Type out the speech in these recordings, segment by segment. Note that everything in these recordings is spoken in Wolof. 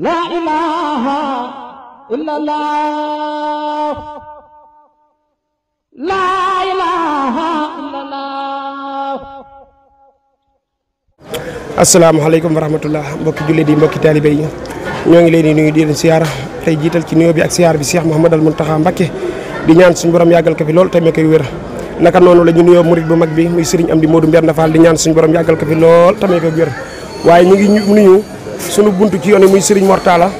La ilaha illallah La ilaha illallah Assalamu الله السلام عليكم ورحمة الله di جولي دي yi تالي ñoo ngi leen di nuyu di leen siyaara tay jital ci nuyu bi ak siyaar bi Cheikh al muntaha Mbacké di ñaan suñu borom yagal ko fi lool te me koy naka nonu la ñu nuyu mourid bu mag bi muy Serigne Amdi Modou mbernafal di ñaan suñu borom yagal ko fi lool te me koy wér ñu ngi nuyu sunu buntu ci yoon muy Serigne Mortala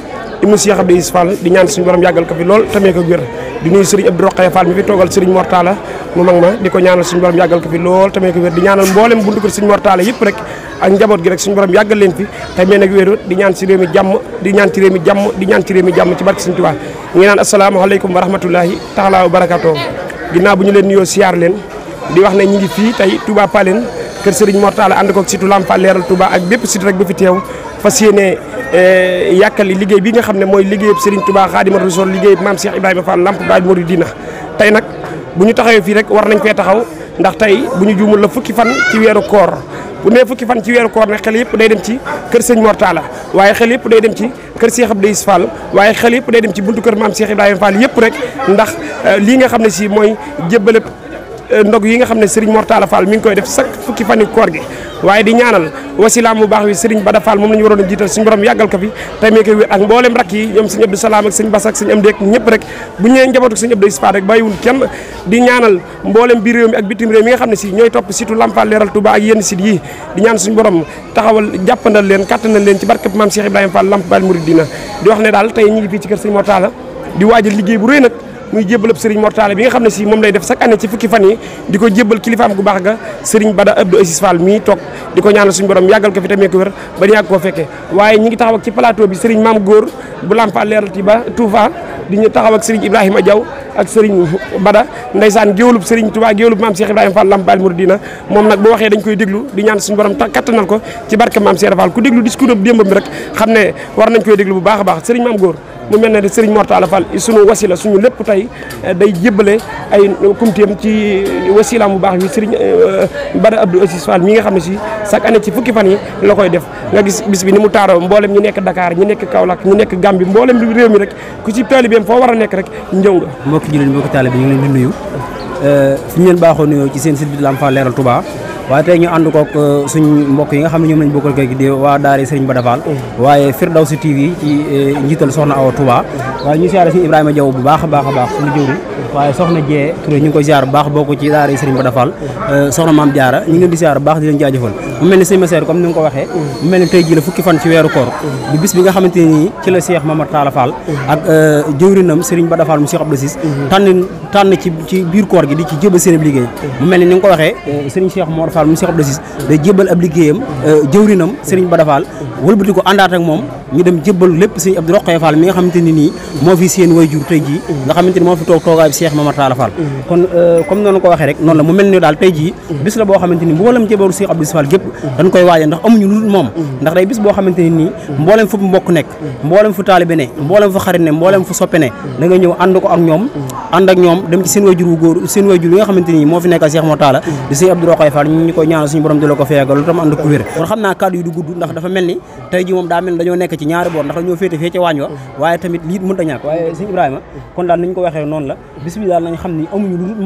imu Cheikh Abdou Is Fall di ñaan suñu borom yagal ko fi lol tamé ko gër di nuy Serigne Abdou rokhay Fall mi fi togal Serigne Mortala mu mag ma diko ñaanal suñu borom yagal ko fi lol tamé ko gër di ñaanal mbolem buntu ko Serigne Mortala yépp rek ak njabot gi rek suñu borom yagal leen fi tamé nak wëru di ñaan ci réew jamm di ñaan ci réew jamm di ñaan ci réew jamm ci barke Serigne Touba ñi ngi assalamu alaykum wa rahmatullahi taala wa barakatuh ginaa bu leen nuyoo leen di wax ne ñi ngi fii tey Touba Palen kër Serigne Mortala and ko ci Lampa leral Touba ak bépp site rek bu fi teew fas yéene eh, yàkkali liggéey bi nga xam ne mooy liggéeyub Serigne Touba Khadimatoul Rasoul liggéeyub maam Cheikh Ibrahima Fall Lamp Baay Mouridina tey nag bu ñu taxawee fii rek war nañ fee taxaw ndax tey bu ñu juumul la fukki fan ci weeru koor bu nee fukki fan ci weeru koor ne xel yëpp day dem ci kër sëñ Mortala waaye xel yëpp day dem ci kër Cheikh Abdou Is Fall waaye xel yëpp day dem ci buntu kër maam Cheikh Ibrahima Fall yëpp rek ndax eh, lii nga xam ne si mooy jébbale ndog yi nga xam ne Serigne Mor Talla Fall mi ngi koy def chaque fukki fani koor gi waaye di ñaanal wasilaam bu baax wi Serigne Bada Fall moom la ñu waroon a jiital suñu borom yàggal ko fi di wax ne daal tey ñu ngi ci kër Serigne Mor di waajal liggéey bu rëy nag muy jébalab serigne mortale bi nga xamné ci mom lay def chaque année ci fukki fan yi di ko jébal kilifaam gu bax ga serigne Bada Abdou Assis Fall mi tok di ko ñaanal suñu borom yagal ko fi tamé ko wër ba ñak ko koo waye ñi ngi taxaw ak ci plateau bi serigne mam gor bu lampa leeral ti ba Touba di ñu taxaw ak serigne Ibrahima Diaw ak serigne Bada ndaysan géwalub serigne Touba géwalub mam Cheikh Ibrahima Fall lampa Baal Mouridina moom bu waxé dañ koy déglu di ñaan suñu borom kattanal ko ci barke mam Cheikh Fall ku déglu discours dembam bi rek xamné war nañ koy déglu bu baax baax serigne mam gor mu mel ne de Serigne Mor Talla Fall suñu wasila suñu lépp tey eh, day jébbale ay kumteem ci wasila bu baax bi Serigne eh, Bada Abdou Assis Fall mi nga xam ne si chaque année ci fukki fan yi la koy def nga gis bis bi ni mu taaroo mboolem ñu nekk Dakar ñu nekk Kaolack ñu nekk Gambie mboolem bi réew mi rek ku ci taalibeem foo war a nekk rek njëw nga. mbokki jullit mbokki taalibe ñu ngi leen di nuyu eh, fi ñu leen baaxoo nuyoo ci seen site bi Lamp Fall leeral tubaa waye tey ñu ànd kook euh, suñ mbokk yi nga xamni ne ñoom lañ bokkal kër di wa daari Serigne Bada waye mm-hmm. waaye TV ci euh, njital soxna Awa Touba mm-hmm. waye ñu siyaare suñu Ibrahima jaw bu baax baax baax suñu jëwri mm-hmm. waye soxna Jee Touré ñu ko ziar baax bokk ci daari Serigne Bada euh, soxna mam diara ñu ngi di ziar baax di leen jaajeufal mu melni serigne sëñ comme ni nga ko waxee mu melni tay ji la fukki fan ci wéru koor di bis bi nga xamanteni ci la Cheikh Mamar Talla Fall ak nam Serigne Bada mu Cheikh Abdou Cisse tan ci ci biir koor gi di ci jëbe seen liggéey mu melni ni nga ko waxee Serigne Cheikh Mor Fall mu Cheikh Abdou Aziz day jébbal ab liggéeyam euh, jëwrinam Serigne Bada Fall wëlbati ko àndaat ak moom ñu dem jébbal lépp Serigne Abdou Rokhaya Fall mi nga xamante seen wayjur tey euh, mu mel ni nii mbooleem fu mbokk nekk mbooleem fu taalibe ne mbooleem fu da nga ñëw ànd ko ak ñoom seen wayjur wu góor seen wayjur yi nga xamante ni moo fi nekkal Cheikh Mamar Talla di Serigne Abdou Rokhaya ñu ngi koy ñaanal suñu borom di lako fegal feeyagal lu tam ànd ku wër war xamna kaddu yu du gudd ndax dafa melni tay ji mom da mel dañu nekk ci ñaari boor ndax dañoo fété fé ci waañ wa waaye tamit li mën dañak waye waaye Ibrahima kon daal niñ ko waxé non la bismillah bi daal nañ amuñu lu dul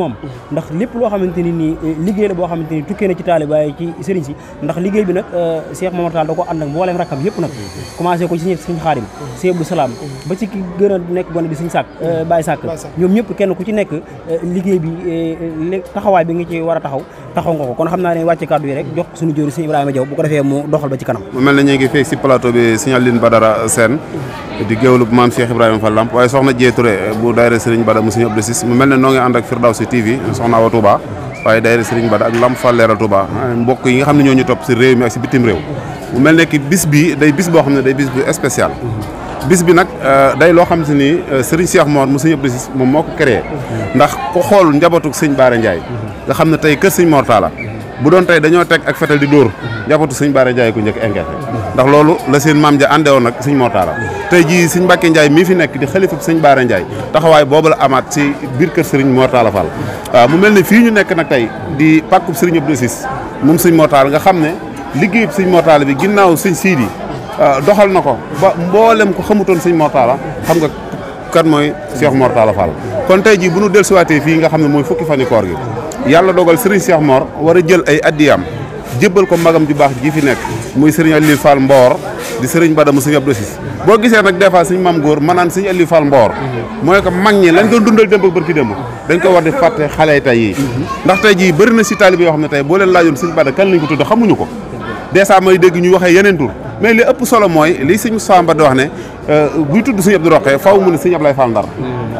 ndax lepp lo xamanteni ni eh, liggéey la bo xamanteni tukké na ci taalib ci sëriñ si ndax liggéey bi nak eh, Cheikh mamour Tall dako and ànd ak mbooleem rakam yépp nak commencé ko ci sëñ Xaadim sëñ bou salam ba ci ki gën nekk bon bi sëñ sak eh, Baye sak ñom ñepp kenn ku ci nekk liggéey bi taxaway bi nga ci wara taxaw taxaw nga ko kon xam naa ne wàcc kàddu yi rek jox suñu jóori sëñ Ibrahima Diaw bu ko defee mu doxal ba ci kanam mu mel na ñu ngi fii si plateau bi sëñ Aline Badara Sène di géwlu bu maam Cheikh Ibrahima Fall Lamp soxna Dieye Touré bu daayira Serigne Bada mu sëñ Abdou mu mel ne noo ngi ànd ak Firdawsi TV soxna wa Touba waaye daayira Serigne Bada ak Lamp Fall Leeral Touba mbokk yi nga xam ne ñoo ñu topp si réew mi ak si bitim réew mu mel ne ki bis bi day bis boo xam ne day bis bu spécial bis bi nak euh, day lo xam ni euh, Serigne Cheikh Mor mu sëñ Abdou Cissé moom moo ndax ko xol njabotuk sëñ bare ndjay nga xam ne tey kër sëñ Mor Talla bu don tay dañoo tek ak fetal di dor njabotu sëñ bare ndjay ku njëkk engagé ndax lolu la seen mam ja won nak sëñ Mor la tay ji sëñ Mbacke ndjay mi fi nek di xalifab sëñ bare ndjay taxaway bobu la amat ci bir keur Serigne Mor la fal euh, mu melni fi ñu nek nak tay di pakku Serigne Abdou mom moom sëñ nga xam ne liggéeyub sëñ bi ginnaw sëñ Sidi Euh, doxal nako ba mbollem ko xamutone seigne Mortala xam nga kan moy Cheikh Mortala Fall kon tay ji buñu nu waté fi nga xam moy fukki fani koor gi yalla dogal Serigne Cheikh mort wara jël ay addiyam jébbal ko magam ju bax gi fi nek muy Serigne ali Fall mbor di Serigne Bada mu Serigne Abdou Cissé boo gisee nag des fois suñu maam góor ma naan Serigne Aliou Fall mbor moy ko magni lañ doon dundal démb barki démb dañ ko war di faté xalé tay yi ndax tay ji bëri na si taalibe yoo xam ne tey boo leen Serigne kan lañ ko tudd xamuñu ko dessa may ñu waxe yenen tour mais li ëpp solo moy li seigne Moussa Mbade wax ne euh, buy tuddu seigne Abdou rokhé faaw mu ne seigne Ablaye Fall Ndar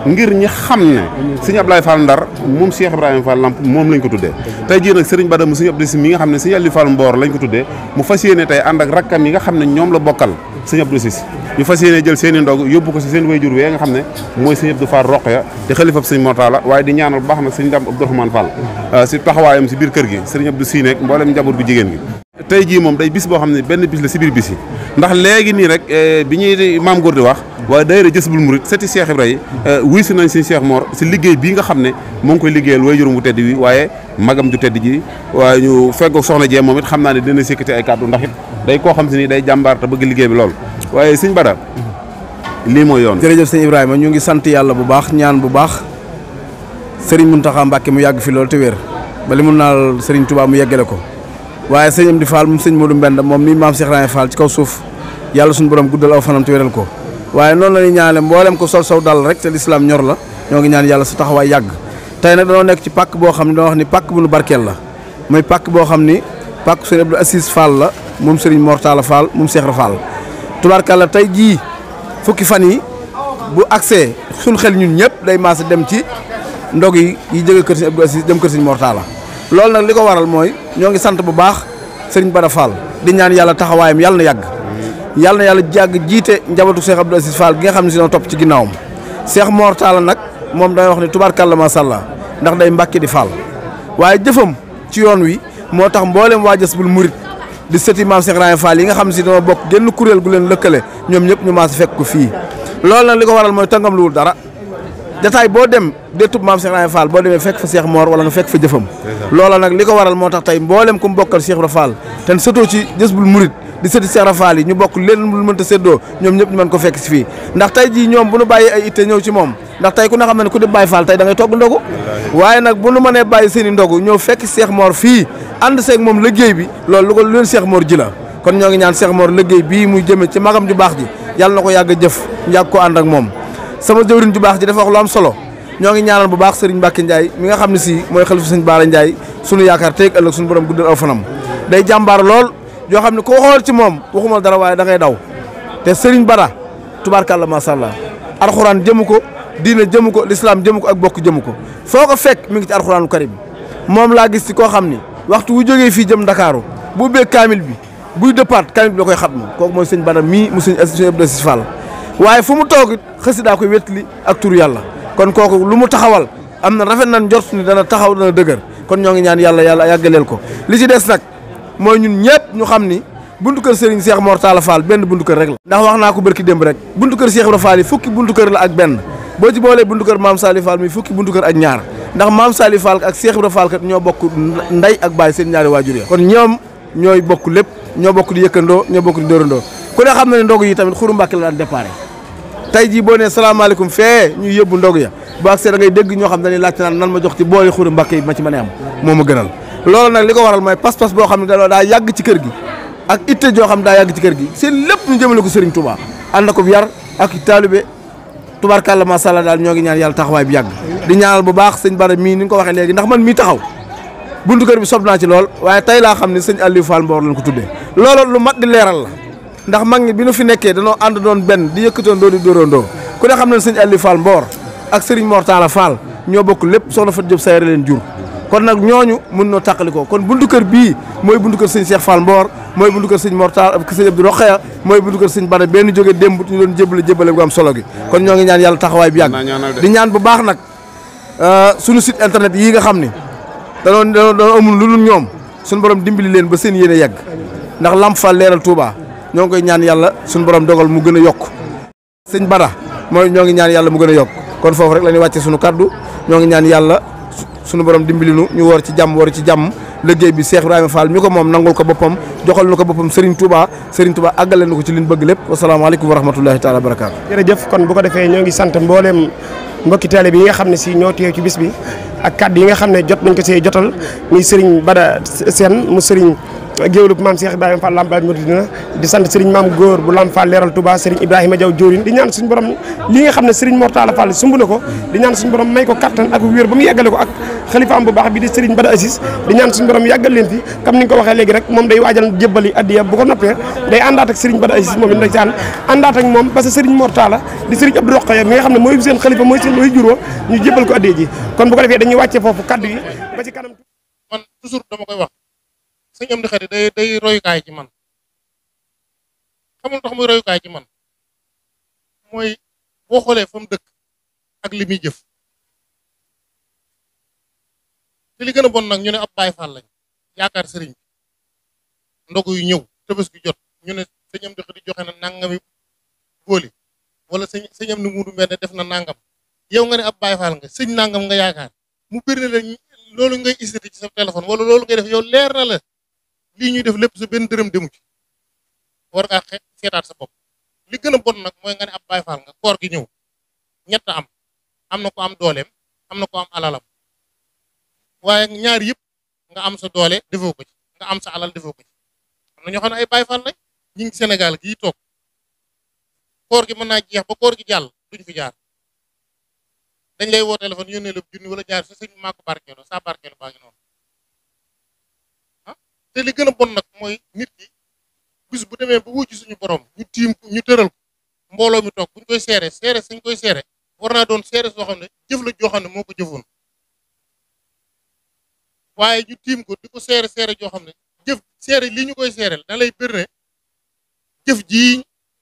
ngir ñi xam ne seigne Ablaye Fall Ndar mom Cheikh ibrahim Fall Lamp mom lañ ko tuddé tay ji nak seigne Bada seigne Abdou Si mi nga xam ne seigne ali Fall mbor lañ ko tuddé mu fas tay and ak rakam yi nga xam ne ñom la bokkal seigne Abdou Sis ñu fas jël seen ndog yobbu ko si seen wayjur wé nga xam ne moy seigne Abdou Fall rokhé di khalifa seigne Mortala waye di ñaanal baax nag Dam Abdourahmane Fall euh, ci taxawayam ci bir kër gi seigne Abdou Si nekk mboolem njaboot gu gi tey jii moom day bis boo xam ne benn bis la si biir bis yi ndax léegi nii rek eh, bi ñuy maam góor di wax waaye daayira Jazbul Murid seeti Cheikh Ibrahima eh, wuy si nañ si Cheikh Mor si liggéey bii nga xam ne moo ngi koy liggéeyal way juróom bu tedd wi waaye magam ju tedd ji waaye ñu feggoog soxna jee moom it xam naa ne dina sékkati ay kàddu ndax it day koo xam si ni day jàmbaar te bëgg liggéey bi lool waaye sëñ Bada lii mooy yoon jërëjëf sëñ Ibrahima ñu ngi sant yàlla bu baax ñaan bu baax sëriñ Muntaxa Mbàkke mu yàgg fi loolu te wér ba mun naal sëriñ Tuubaa mu yeggale ko waye sëñ di Fall mom sëñ Modou Mbend mom mi maam Cheikh Rahim Fall ci kaw souf yalla suñu borom guddal aw fanam ci wéral ko waye non la ñuy ñaanale mboolem ko sol saw dal rek te l'islam ñor la ñoo ngi ñaan yalla su taxawaay yàgg tey nag dañoo nek ci pak bo xamni do wax ni pak bu nu barkel la moy pak bo xamni ni pàkk Abdou Assis Fall la mom sëriñ Mortala Fall mom Cheikh rahim Fall tay fukki fan yi bu accès sun xel ñun ñëpp day massa dem ci ndog yi yi jóge keur Abdou Assis dem keur Mortala lol nak liko waral moy ñoo ngi sant bu baax serigne Bada Fall di ñaan yalla taxawayam yalla na yag yalla na yalla jag jité njabatu Cheikh Abdou Aziz Fall gi nga xamni ne top ci ginaawum Cheikh Mor nak mom day wax ni tubaarkàlla ma sha Allah ndax day mbàkki di Fall waye jëfëm ci yoon wi motax tax mboolem waa Jazbul Murid di sëti maam Cheikh rahim Fall yi nga xamni ne bok genn kurel gu len lekkale ñom ñep ñu ma fi lol nak liko waral moy tangam luwul dara jataay boo dem déetub maam Cheikh Ibrahima Fall boo demee fekk fa Cheikh Mor wala nga fekk fa jëfam loola nag li ko waral moo tax tey mboolem ku mu bokkal Cheikh Ibrahima Fall ten sëtoo ci Jazbul Murid di sëti Cheikh Ibrahima yi ñu bokk leen lu mënta séddoo ñoom ñëpp ñu mën ko fekk si fii ndax tey jii ñoom bu nu bàyyi ay itte ñëw ci moom ndax tey ku ne xam ne ku di Baye Fall tey dangay ngay togg ndogu waaye nag bu nu mënee bàyyi seen i ndogu ñëw fekk Cheikh moor fii ànd seeg moom liggéey bi loolu lu ko leen Cheikh Mor ji kon ñoo ngi ñaan Cheikh Mor liggéey bii muy jëme ci magam ju baax ji yàlla na ko yàgg jëf ñu ko ànd ak moom sama jëwriñ ju baax ji dafa wax am solo ñoo ngi ñaanal bu baax sëriñ Mbacke Ndiaye mi nga xam ne si mooy xalifu sëriñ Bara Ndiaye sunu yaakaar tey ëllëg sunu borom guddal aw fanam day jàmbaar lool yoo xam ne ko xool ci moom waxuma dara waaye da ngay daw te sëriñ Bara tubaarkàlla macha allah alxuraan jëmu ko diina jëmu ko lislaam jëmu ko ak bokk jëmu ko foo ko fekk mi ngi ci alxuraanu karim moom laa gis ci koo xam ni waxtu wu jógee fii jëm Ndakaaru bu ubbee kaamil bi buy départ kaamil bi la koy xatma kooku mooy sëñ Bara mii mu sëñ Abdou waaye fu mu toog it xasidaa koy wétli ak tur yàlla kon kooku lu mu taxawal am na rafet na njort ni dana taxaw dana dëgër kon ñoo ngi ñaan yàlla yàlla yàggaleel ko li ci des nag mooy ñun ñëpp ñu xam ni buntu kër Serigne Cheikh Mor Talla Fall benn buntu kër rek la ndax wax naa ko bërki demb rek buntu kër Cheikh Ibrahima Fall fukki buntu kër la ak benn boo ci boolee buntu kër Maam Sali Fall mi fukki buntu kër ak ñaar ndax Maam Sali Fall ak Cheikh Ibrahima Fall kat ñoo bokk nday ak baay seen ñaari waajur ya kon ñoom ñooy bokk lépp ñoo bokk di yëkkandoo ñoo bokk di dóorandoo ku ne xam na yi tamit xuru mbàkke la daan tey jii boo nee salaamaaleykum fee ñu yóbbu ndog ya bu àggsee da ngay dégg ñoo xam dañuy laajte naan nan ma jox ci boole xuru mbàkk yi ma ci a am moo ma gënal loolu nag li ko waral mooy pas-pas boo xam ne da daa yàgg ci kër gi ak itte joo xam daa yàgg ci kër gi seen lépp ñu jëmale ko Serigne Touba ànd ko yar ak taalibe tubarkàlla macha allah daal ñoo gi ñaan yàlla taxawaay bi yàgg di ñaanal bu baax sëñ Bara mii ni nga ko waxee léegi ndax man mii taxaw buntu kër bi sob naa ci lool waaye tey laa xam ne sëñ Aliou Fall Mbor lañ ko tuddee loolu lu mat leeral la ndax mag ñi bi nu fi nekkee don don doon benn di yëkkatoon doo di don. ku ne xam ne sëñ Aliou Fall Mboor ak Serigne Mortala Fall ñoo bokk lépp soxna Fatou Diop sayre leen jur kon nag ñooñu mën noo tàqalikoo kon buntu kër bii mooy buntu kër sëñ Cheikh Fall Mboor mooy buntu kër sëñ Mortal ak sëñ Abdou Rokhaya mooy buntu kër sëñ Bada benn jóge démb ñu doon jébale jébale bu am solo gi kon ñoo ngi ñaan yàlla taxawaay bi yàgg di ñaan bu baax nag euh, suñu site internet yi nga xam ni danoon danoon amul lu dul ñoom suñu borom dimbali leen ba seen yéene yegg ndax Lamp Fall leeral Touba ñoo ngi koy ñaan yàlla suñu borom dogal mu gën a yokk sëñ Bada mooy ñoo ngi ñaan yàlla mu gën a yokk kon foofu rek la ñuy wàcce suñu kàddu ñoo ngi ñaan yàlla suñu borom dimbali nu ñu woor ci jàmm war ci jàmm liggéey bi Cheikh Ibrahima Fall mi ko moom nangul ko boppam joxal nu ko boppam Serigne Touba Serigne Touba àggale na ko ci liñ bëgg lépp wasalaamaaleykum wa rahmatullahi taala wa barakaatu. jërëjëf kon bu ko defee ñoo ngi sant mbooleem mbokki taalibe bi yi nga xam ne si ñoo teew ci bis bi ak kaddu yi nga xam ne jot nañ ko see jotal muy Serigne Bada Sène mu Serigne. geewlu maam Cheikh ibrahim Fall lambay Baye di sante Serigne mam gor bu lam Fall leral Touba Serigne ibrahim Diaw Diorin di ñaan suñu borom li nga xamne Serigne Mortala Fall sumb na di ñaan suñu borom may ko carton ak wër ba mu yeggale ko ak xalifaam bu baax bi di Serigne Bada Assis di ñaan suñu borom yagal leen fi comme ni nga ko waxee léegi rek mom day wajal jébbali adiya bu ko noppé day andat ak Serigne Bada Assis mom it ndax andat ak mom parce que Serigne Mortala di Serigne Abdou Rokhaya mi nga xamne moy mooy seen xalifa mooy seen mooy juróo ñu jébbal ko adiya ji kon bu ko defé dañuy wacce fofu kaddu yi ba ci kanam man toujours dama koy wax sëñ am di xarit day day royukaay ci man xamul tax muy royukaay ci man mooy boo xoolee fa mu dëkk ak li muy jëf te li gën a bon nag ñu ne ab baay faal lañ yaakaar sëriñ bi ndogu yu ñëw tëbës gi jot ñu ne sëñ am di xarit joxe na nangami góoli wala sëñ sëñ am ni muudu mbenn def na nangam yow nga ne ab baay faal nga sëñ nangam nga yaakaar mu bir ne la loolu ngay isati ci sa téléphone wala loolu ngay def yow leer na la li ñuy def lepp su ben deureum demu ci war ngaa sétat sa bop li gëna bon nak moy nga ni ab bay Faal nga koor gi ñew ñett am am ko am dolem am ko am alalam waye ñaar yëpp nga am sa doole defo ko ci nga am sa alal defo ko ci amna ñu ñoo ay bay Faal lañ ñi ngi Sénégal gi tok koor gi mëna naa jeex ba koor gi jall duñ fi jaar dañ lay wo téléphone yónnee la wala jaar sa sëñ mako barkelo sa barkelo barkeeloo ngi te li gën a bon nag mooy nit ki bis bu demee ba wujj suñu borom ñu tiim ko ñu tëral ko mbooloo mi toog buñ koy seere seere suñ koy seere war naa doon seere soo xam ne jëf la joo xam ne moo ko jëfoon waaye ñu tiim ko di ko joo xam ne jëf seere lii ñu koy seereel da lay bër jëf jii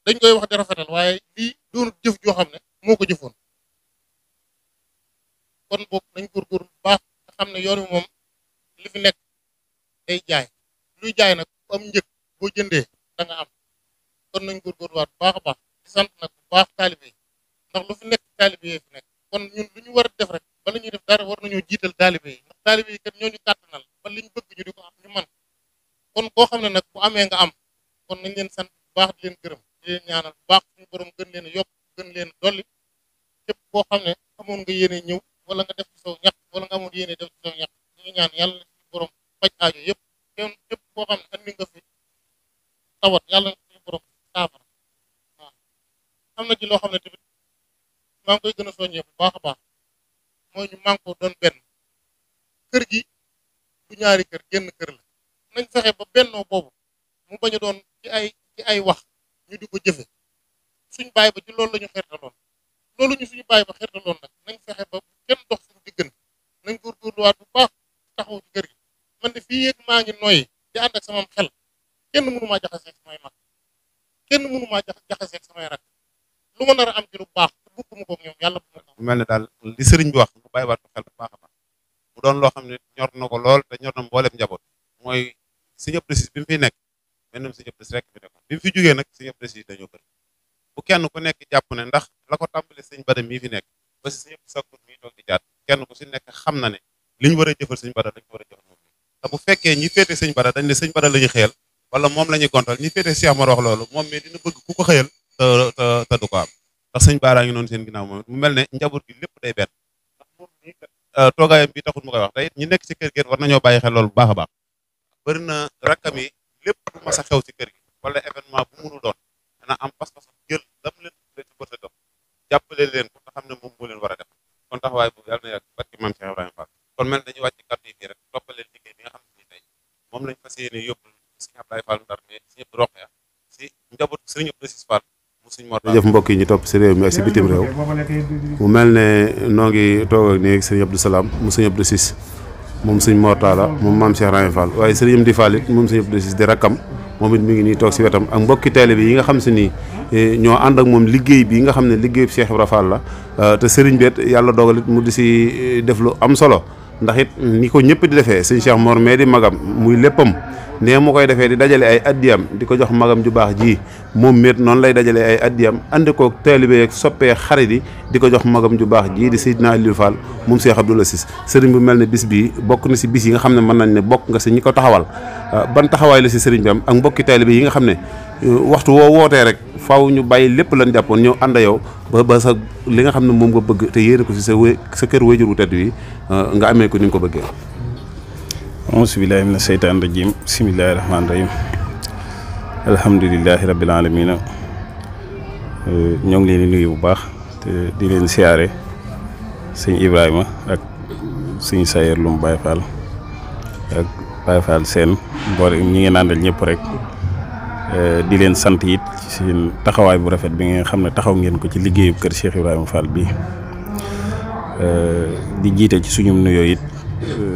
dañ koy wax di waaye lii doonut jëf joo xam ne moo ko jëfoon kon boog nañ góorgóorlu baax nga xam ne yoon moom li nekk day jaay kuy jaay nag am njëg boo jëndee da nga am kon baax a baax sant nag bu baax taalibe yi ndax lu fi nekk taalibe yi fi nekk kon ñun lu ñu war a def rek bala ñuy def dara war nañoo jiital taalibe yi ndax taalibe yi ñoo ñu kàttanal ba liñ bëgg ñu di ko am ñu man kon koo xam ne nag bu amee nga am kon nañ leen sant bu baax di leen gërëm di leen ñaanal bu baax suñu borom gën leen yokk gën leen dolli képp koo xam ne amoon nga yéene ñëw wala nga def ci saw ñax wala nga ñu ñaan yàlla na suñu borom faj ñoom ñëpp koo xam ne andi yàlla na suñu am na ci loo xam ne tamit maa ngi koy gën a soññee bu baax a baax mooy ñu man ko doon benn kër gi bu ñaari kër genn kër la nañ fexe ba bennoo boobu mu bañ doon ci ay ci ay wax ñu di ko jëfe suñ bàyyi ba ci loolu la ñu loolu ñu suñu bàyyi ba xeertaloon nag nañ fexe ba kenn dox suñu diggante nañ góorgóorluwaat bu baax taxaw ci kër gi man de fii yéeg maa ngi nooy di ànd ak sama xel kenn mënu maa jaxaseeg samay mag kenn mënu maa jaxaseeg samay rak lu ma nar am ci lu baax te bëgg mu ko ñoom yàlla bu ma mel ne daal li sëriñ bi wax mu bàyyiwaat ko xel bu baax a baax mu doon loo xam ne ñor na ko lool te ñor na mboolem njaboot mooy Sëriñ Abdou Aziz bi mu fi nekk mel Sëriñ Abdou Aziz rek fi nekkoon fi jógee nag Sëriñ Abdou Aziz dañoo bëri bu kenn ku nekk jàpp ne ndax la ko tàmbale sëñ Bada mii fi nekk ba si Sëriñ Abdou Sakkour mii toog jaat kenn ku si nekk xam na ne li ñu war a jëfal sëñ Bada lañ ko war te bu fekkee ñi féete sëñ bara dañ ne sëñ bara la ñu xëyal wala moom la ñuy kontal ñi féete Cheikh Omar wax loolu moom mais dina bëgg ku ko xëyal te te te du ko ngi noonu seen na moom mu mel ne njaboot gi lépp day benn ndax moom nii euh, toogaayam bi taxul mu koy wax te it ñi nekk ci kër gi war nañoo bàyyi xel loolu bu baax a baax bëri na rakkam yi lépp lu mas a xew ci kër gi wala événement bu mënu doon dana am pas-pas jël lam leen leen ci bërta dox jàppale leen ko te xam ne moom moo a def kon taxawaay boobu yàlla na yàgg moom lañ fas yéene yóbbu si Ablaye Fall Ndar mais si ñëpp roq ya si njaboot sëriñ mu suñ jëf mbokk yi ñu topp si réew mi ak si bitim mu mel ne noo ngi toog ak nii sëriñ Salaam mu sëriñ Abdou moom sëriñ Mor Talla moom maam Cheikh Rahim waaye sëriñ Amdi Fall it moom sëriñ Abdou Aziz di rakkam moom it mi ngi nii toog si wetam ak mbokki bi yi nga xam si nii eh, ñoo ànd ak moom liggéey bi nga xam ne liggéey bi Ibra Fall la eh, te sëriñ bi yàlla dogal it mu di si eh, def lu am solo ndax it ni ko ñëpp di defee sëñ Cheikh Mor mee di magam muy léppam nee mu koy defee di dajale ay addiyam di ko jox magam ju baax jii moom méet noonu lay dajale ay addiyam ànd koog taalibe yeeg soppee xarit yi di ko jox magam ju baax ji di Seydina Aliou Fall moom Cheikh Abdou Aziz sëriñ bu mel ne bis bii bokk na si bis yi nga xam ne mën nañ ne bokk nga si ñi ko taxawal ah, ban taxawaay la si sëriñ bi am ak mbokki taalibe yi nga xam ne uh, waxtu woo wootee rek faw ñu bàyyi lépp lan jàppoon ñëw ànd yow ba ba sa li nga xam ne moom nga bëgg te yéene ko si sa sa kër wéjur wu tedd wi uh, nga amee ko ni nga ko bëggee auzu billaahi mina seytaan rajiim bismillaahi rahmaani rahiim alhamdulillaahi rabbil aalamiina ñoo ngi leen di nuyu bu baax te di leen siyaare sëñ Ibrahima ak suñ Sayer Loum Baye Fall ak Baye Fall seen boor ñu ngeen àndal ñëpp rek di leen sant it seen taxawaay bu rafet bi ngeen xam ne taxaw ngeen ko ci liggéeyu kër Cheikh Ibrahima Fall bi di jiite ci suñu nuyoo it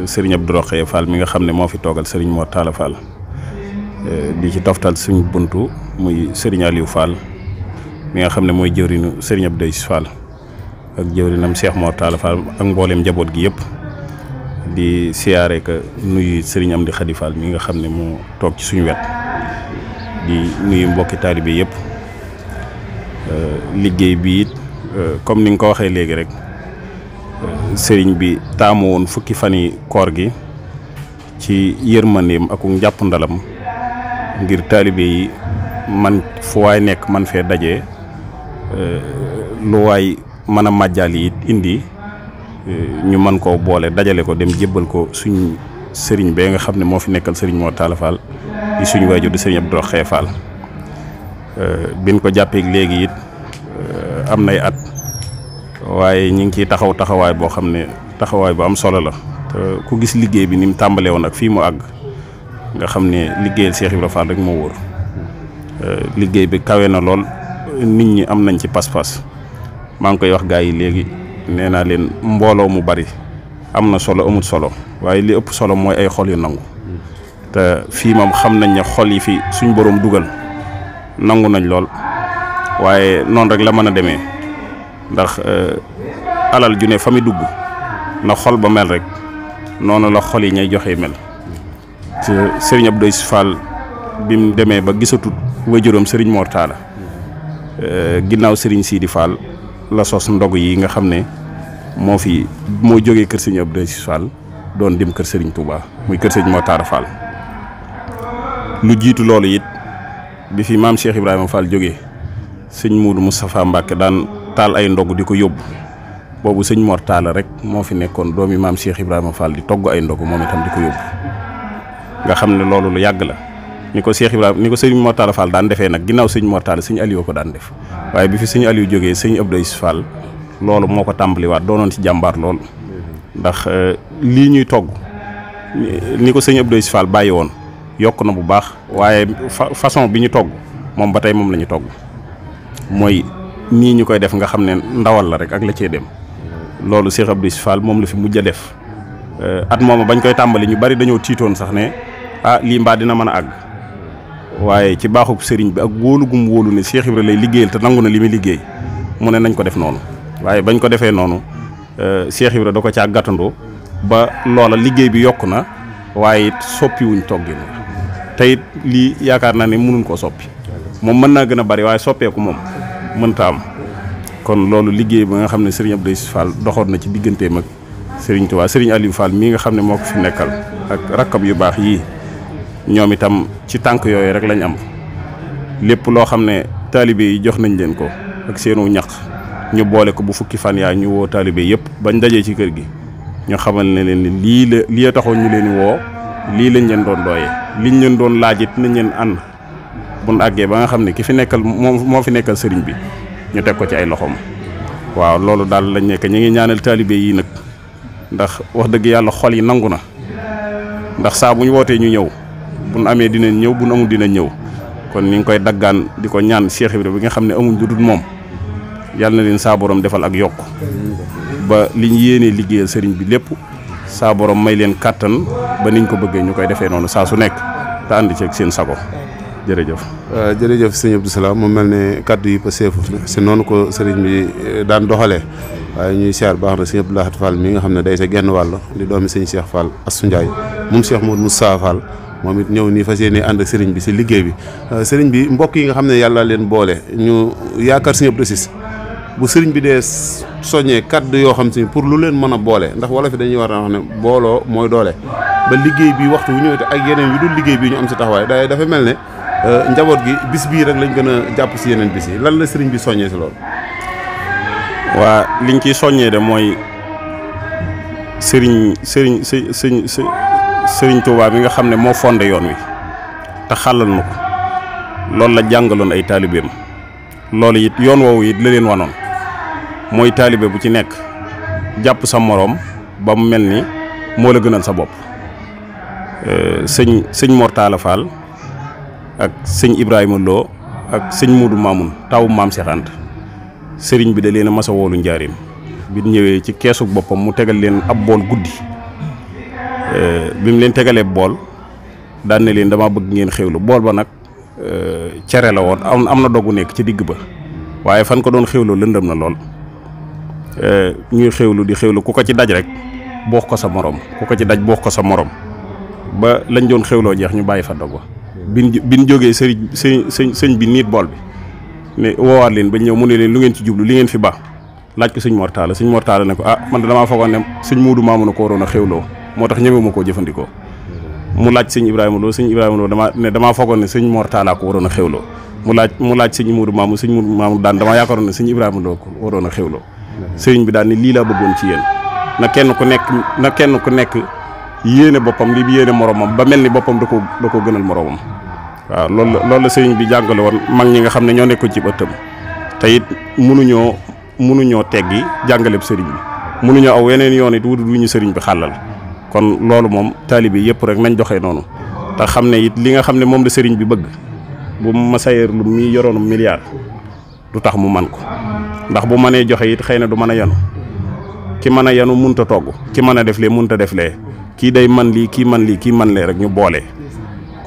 sëriñ Abdou Rokhaya Fall mi nga xam ne moo fi toogal sëriñ Mor Talla Fall e, di ci toftal suñu buntu muy sëriñ Aliou mi nga xam ne mooy jëwriñu sëriñ Abdou Aziz ak jëwriñam Cheikh Mor Talla ak mbooleem njaboot gi yëpp di siyaare ka nuyu sëriñ Amdi Khady Fall mi nga xam ne moo toog ci suñu wet di nuyu mbokki taalibe yëpp e, liggéey bi it e, comme ni nga ko waxee léegi rek. sëriñ bi taamu woon fukki fan yi koor gi ci yërmandeem ak njàpp ndalam ngir taalibe yi man fu waay nekk man fee daje euh, lu waay mën a màjjaal yi indi euh, ñu mën koo boole dajale ko dem jébbal ko suñ sëriñ bee nga xam ne moo fi nekkal sëriñ moo Talla Fall di suñu waajur di sëriñ Abdou Rokhaya Fall euh, biñ ko jàppee léegi it am nay at. waaye ñu ngi ciy taxaw taxawaay boo xam ne taxawaay bu am solo la te ku gis liggéey bi ni mu tàmbalee woon ak fii mu àgg nga xam ne liggéeyal Cheikh Ibrahima Fall rek moo wóor euh, liggéey bi kawe na lool nit ñi am nañ ci pas-pas maa ngi koy wax gaa yi léegi nee naa leen mbooloo mu bari am na solo amul solo waaye li ëpp solo mooy ay xol yu nangu te fii moom xam nañ ne xol yi fi suñ boroom dugal nangu nañ lool waaye noonu rek la mën a demee. ndax euh, alal ju ne fa dugg na xol ba mel rek noonu la xol yi ñay joxe mel te sëriñ Abdou Fall bi mu demee ba gisatut waajuram sëriñ Mor Talla euh, ginnaaw sëriñ Sidi Fall la sos ndog yi nga xam ne moo fi moo jógee kër sëriñ Abdou Fall doon dem kër sëriñ Touba muy kër sëriñ Mor Talla Fall lu jiitu loolu it bi fi maam Cheikh Ibrahima Fall jógee sëñ Moudou Moustapha Mbacke daan. taal ay ndog di ko yóbbu boobu sëñ Mor rek moo fi nekkoon doomi maam Cheikh Ibrahima Fall di togg ay ndog moom itam ko yóbbu nga xam ne loolu lu yàgg la ni ko Cheikh Ibrahima ni ko sëñ Mor Talla daan defee nag ginnaaw sëñ Mor Talla sëñ Aliou daan def waaye bi fi sëñ Aliou jógee sëñ Abdou Fall loolu moo ko tàmbaliwaat doonoon si jàmbaar lool ndax euh, lii ñuy togg ni ko sëñ Abdou Fall bàyyi woon yokk na bu baax waaye façon bi ñu togg moom ba tey moom lañu ñu togg mooy nii ñu koy def nga xam ne ndawal la rek ak la cee dem loolu Cheikh Abdou Fall moom la fi mujj a def eh, at mooma bañ koy tàmbali ñu bari dañoo tiitoon sax ne ah lii mbaa dina mën a àgg waaye ci baaxu sëriñ bi ak wóolu gum wóolu ne Cheikh rek lay liggéeyal te nangu na li muy liggéey mu ne nañ ko def noonu waaye bañ ko defee noonu eh, Cheikh Ibra da ko caa gàttandoo ba loola liggéey bi yokk na waaye it soppiwuñ toggin te it lii yaakaar naa ne mënuñ koo soppi moom mën naa gën a bari waaye soppeeku moom mënta am kon loolu liggéey ba nga xam ne sëriñ Abdou Fall doxoon na ci digganteem mag sëriñ Touba sëriñ Aliou Fall mii nga xam ne moo ko fi nekkal ak rakkam yu baax yii ñoom itam ci tànk yooyu rek lañ am lépp loo xam ne taalibe yi jox nañ leen ko ak seenu ñaq ñu boole ko bu fukki fan yaa ñu woo taalibe yëpp bañ dajee ci kër gi ñu xamal ne leen ni lii la lii taxoon ñu leen woo lii lañ leen doon dooyee liñ leen doon laajit nañ leen ànd bu nu àggee ba nga xam ne ki fi nekkal moom moo fi nekkal sëriñ bi ñu teg ko ci ay loxoom waaw loolu daal lañ nekk ñu ngi ñaanal taalibe yi nag ndax wax dëgg yàlla xol yi nangu na ndax saa bu ñu wootee ñu ñëw bu nu amee dina ñëw bu nu amul dinañ ñëw kon ni ngi koy daggaan di ko ñaan Cheikh Ibra bi nga xam ne amuñ lu dul moom yàlla na leen saaboroom defal ak yokk ba li ñu yéenee liggéeyal sëriñ bi lépp saaboroom may leen kàttan ba niñ ko bëggee ñu koy defee noonu saa su nekk te seen sago jërëjëf euh, jërëjëf sëñ Abdou Salam mu mel ne kàddu yi passé foofu si noonu ko sëriñ bi euh, daan doxalee waaye ñuy siyaar baax na sëñ Abdou Lahad Fall mi nga xam ne day genn wàll di doomi sëñ Cheikh Fall Assou Ndiaye moom Cheikh Modou Moussa Fall moom it ñëw nii fas yéene ànd ak bi si liggéey bi euh, sëriñ bi mbokk yi nga xam ne yàlla leen boole ñu yaakaar sëñ Abdou Sis bu sëriñ bi dee soññee kaddu yoo xam si pour lu leen mën a boole ndax wolof yi dañuy war a wax ne booloo mooy doole ba liggéey bi waxtu wu ñëwee te ak yeneen yu dul liggéey bi ñu am si taxawaay daay dafa mel ne Euh, njaboot gi bis bii rek lañ gën a jàpp si yeneen bis yi lan la sëriñ bi soññee si loolu. waa liñ ciy soññee de mooy sëriñ sëriñ së sëñ sëriñ Touba bi nga xam ne moo fondé yoon wi te xàllal na ko loolu la jàngaloon ay taalibeem loolu it yoon woowu it la wanoon mooy taalibe bu ci nekk jàpp sa moroom ba mu mel ni moo la gënal sa bopp euh, sëñ sëñ Mortala ak sëñ Ibrahima Lo ak sëñ Modou Mamoun taw maam Cheikh Anta sëriñ bi da leen a mas a woolu njaareem bi ñëwee ci keesu boppam mu tegal leen ab bool guddi eh, bi mu leen tegalee bool daan leen dama bëgg ngeen xewlu bool ba nag eh, cere la woon am am na dogu nekk ci digg ba waaye fan ko doon xewloo lëndëm na lool eh, ñuy xewlu di xewlu ku ko ci daj rek boox ko sa moroom ku ko ci daj boox ko sa moroom ba lañ doon xewloo jeex ñu bàyyi fa dog ba bin bin jógee sëriñ sëñ bi niit bi ne woowaat leen ba ñëw mu ne leen lu ngeen ci jublu li ngeen fi ba laaj ko ne ko ah man damaa foogoon ne sëñ muudu maamu na ko waroon a xewloo moo tax ñemewuma koo jëfandikoo mm-hmm. mu laaj sëñ ibrahima loo sëñ ibrahima loo dama ne damaa foogoon ne sëñ mortala ko waroon a xewloo mu laaj mu laaj sëñ muudu maamu sëñ muudu maamu daan damaa yaakaaroon ne sëñ ibrahima loo ko waroon a mm-hmm. sëriñ bi bëggoon ci na kenn ku nekk na kenn ku nekk yéene boppam li bi yéene moromam ba mel ni boppam da ko da ko gënal moromam waaw lool loolu la sëriñ bi jàngale woon mag ñi nga xam ne ñoo nekkoon ci ëttam te it munuñoo munuñoo teggi jàngaleb sëriñ bi munuñoo aw yeneen yoon it wudul wu ñu sëriñ bi xàllal kon loolu moom taalibe yëpp rek nañ joxe noonu te xam ne it li nga xam ne moom la sëriñ bi bëgg bu masayer lu mi yoroonu milliard du tax mu man ko ndax bu mënee joxe it xëy na du mën a yanu ki mën a yanu a togg ki mën a def lee munut a def lee kii day man lii kii man lii kii man lee rek ñu boole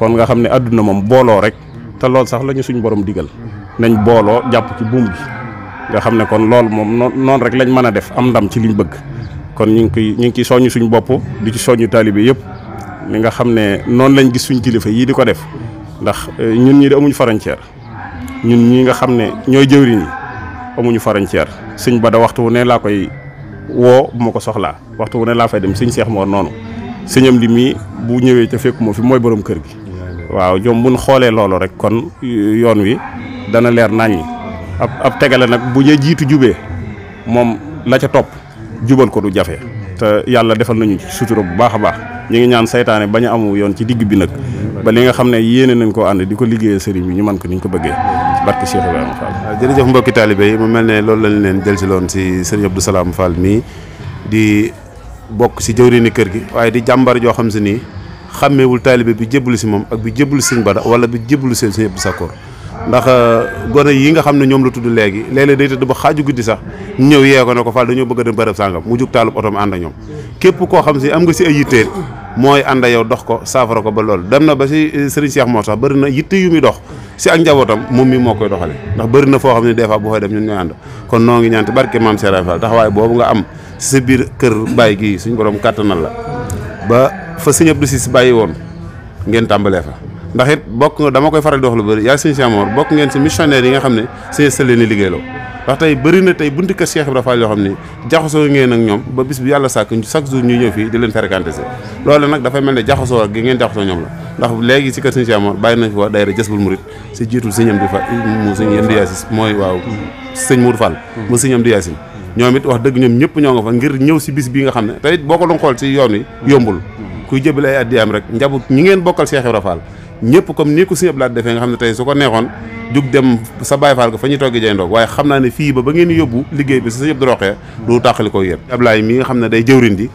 kon nga xamne aduna mom bolo rek te lol sax lañu suñu borom digal nañ bolo japp ci bi nga xamne kon lol mom non rek lañ mëna def am ndam ci liñ bëgg kon ñing ngi ñing ñu soñu suñu bop di ci soñu talibé yépp li nga xamne non lañ gis suñu kilifa yi diko def ndax eh, ñun ñi de amuñu frontière ñun ñi nga xamne ñoy jëwri ni amuñu frontière suñ ba da waxtu ne la koy wo bu mako soxla waxtu ne la fay dem suñ cheikh mo nonu sëñam limi bu ñëwee ca fekkuma fi moy borom kër gi waaw ñoom buñ xoolee loolu rek kon yoon wi dana leer nañ ab ab tegale nag bu ña jiitu jubee moom la ca topp jubal ko du jafe te yàlla defal nañu ci sutura bu baax a baax ñi ngi ñaan saytaane bañ amu yoon ci digg bi nag ba li nga xam ne yéene nañ ko ànd di ko liggéeyee sëriñ bi ñu man ko ni ñu ko bëggee barke Cheikh Ibrahim Fall. Ah, jërëjëf mbokki talibé yi mu mel loolu lañ leen jël si loon si sëriñ Abdou Salam Fall mii di bokk si jëwriñi kër gi waaye di jàmbar joo xam xàmmeewul taalibe bi jébbalu ci mom ak bi jébbalu sëñ Bada wala bi jébbalu sëñ Abdou Sakor ndax euh, gone yi nga xamné ñom la tuddu légui lélé day tuddu ba xaju guddi sax ñew yéko nako ne dañu bëgg dem bërepp sangam mu juk and ak képp ko xam si am nga si ay moy mooy ànd yow dox ko safara ko ba loolu dem na ba si euh, Serigne Cheikh Mossa bari na yité yu mi dox si ak njabotam mom mi mokoy doxale ndax bari na fo xamné défa bu fay dem ñun ñu and kon noo ngi barké mam Cheikh Rafal tax way bobu nga am ci sa biir kër bay gi suñu borom katanal la ba fa sëñ Abdou Cissé woon ngeen tàmbalee fa ndax bokk dama koy faral di wax lu bëri yaa sëñ ngeen si missionnaire nga xam ne sëñ sëlee ni liggéeyloo ndax tey bëri na yoo xam ne ngeen ak ñoom ba bis bu yàlla sàkk chaque jour ñuy ñëw fii di leen fréquenté si loolu nag dafay mel ne jaxasoo ak gi ngeen jaxasoo ñoom la ndax léegi si kër sëñ Cheikh Mor bàyyi nañ fi waa daayira Jazbul Murid si jiitul sëñ Amdi mu sëñ Amdi mu sëñ Amdi Yaasin ñoom it wax dëgg ñoom ñëpp ñoo nga fa ngir ñëw si bis bi nga xam ne tey it boo ko doon xool si yoon wi yombul kuy jëbale ay addiyaam rek njaboot ñi ngeen bokkal Cheikh Ibra Fall ñëpp comme ni ko Sëñ Abdou defee nga xam ne tey su ko neexoon jug dem sa Baay Faal ko fa ñu toggi jay ndoog waaye xam naa ne fii ba ba ngeen yóbbu liggéey bi sa Sëñ Abdou roqee du tàqali ko yéen Ablaye mi nga xam ne day jëwrin di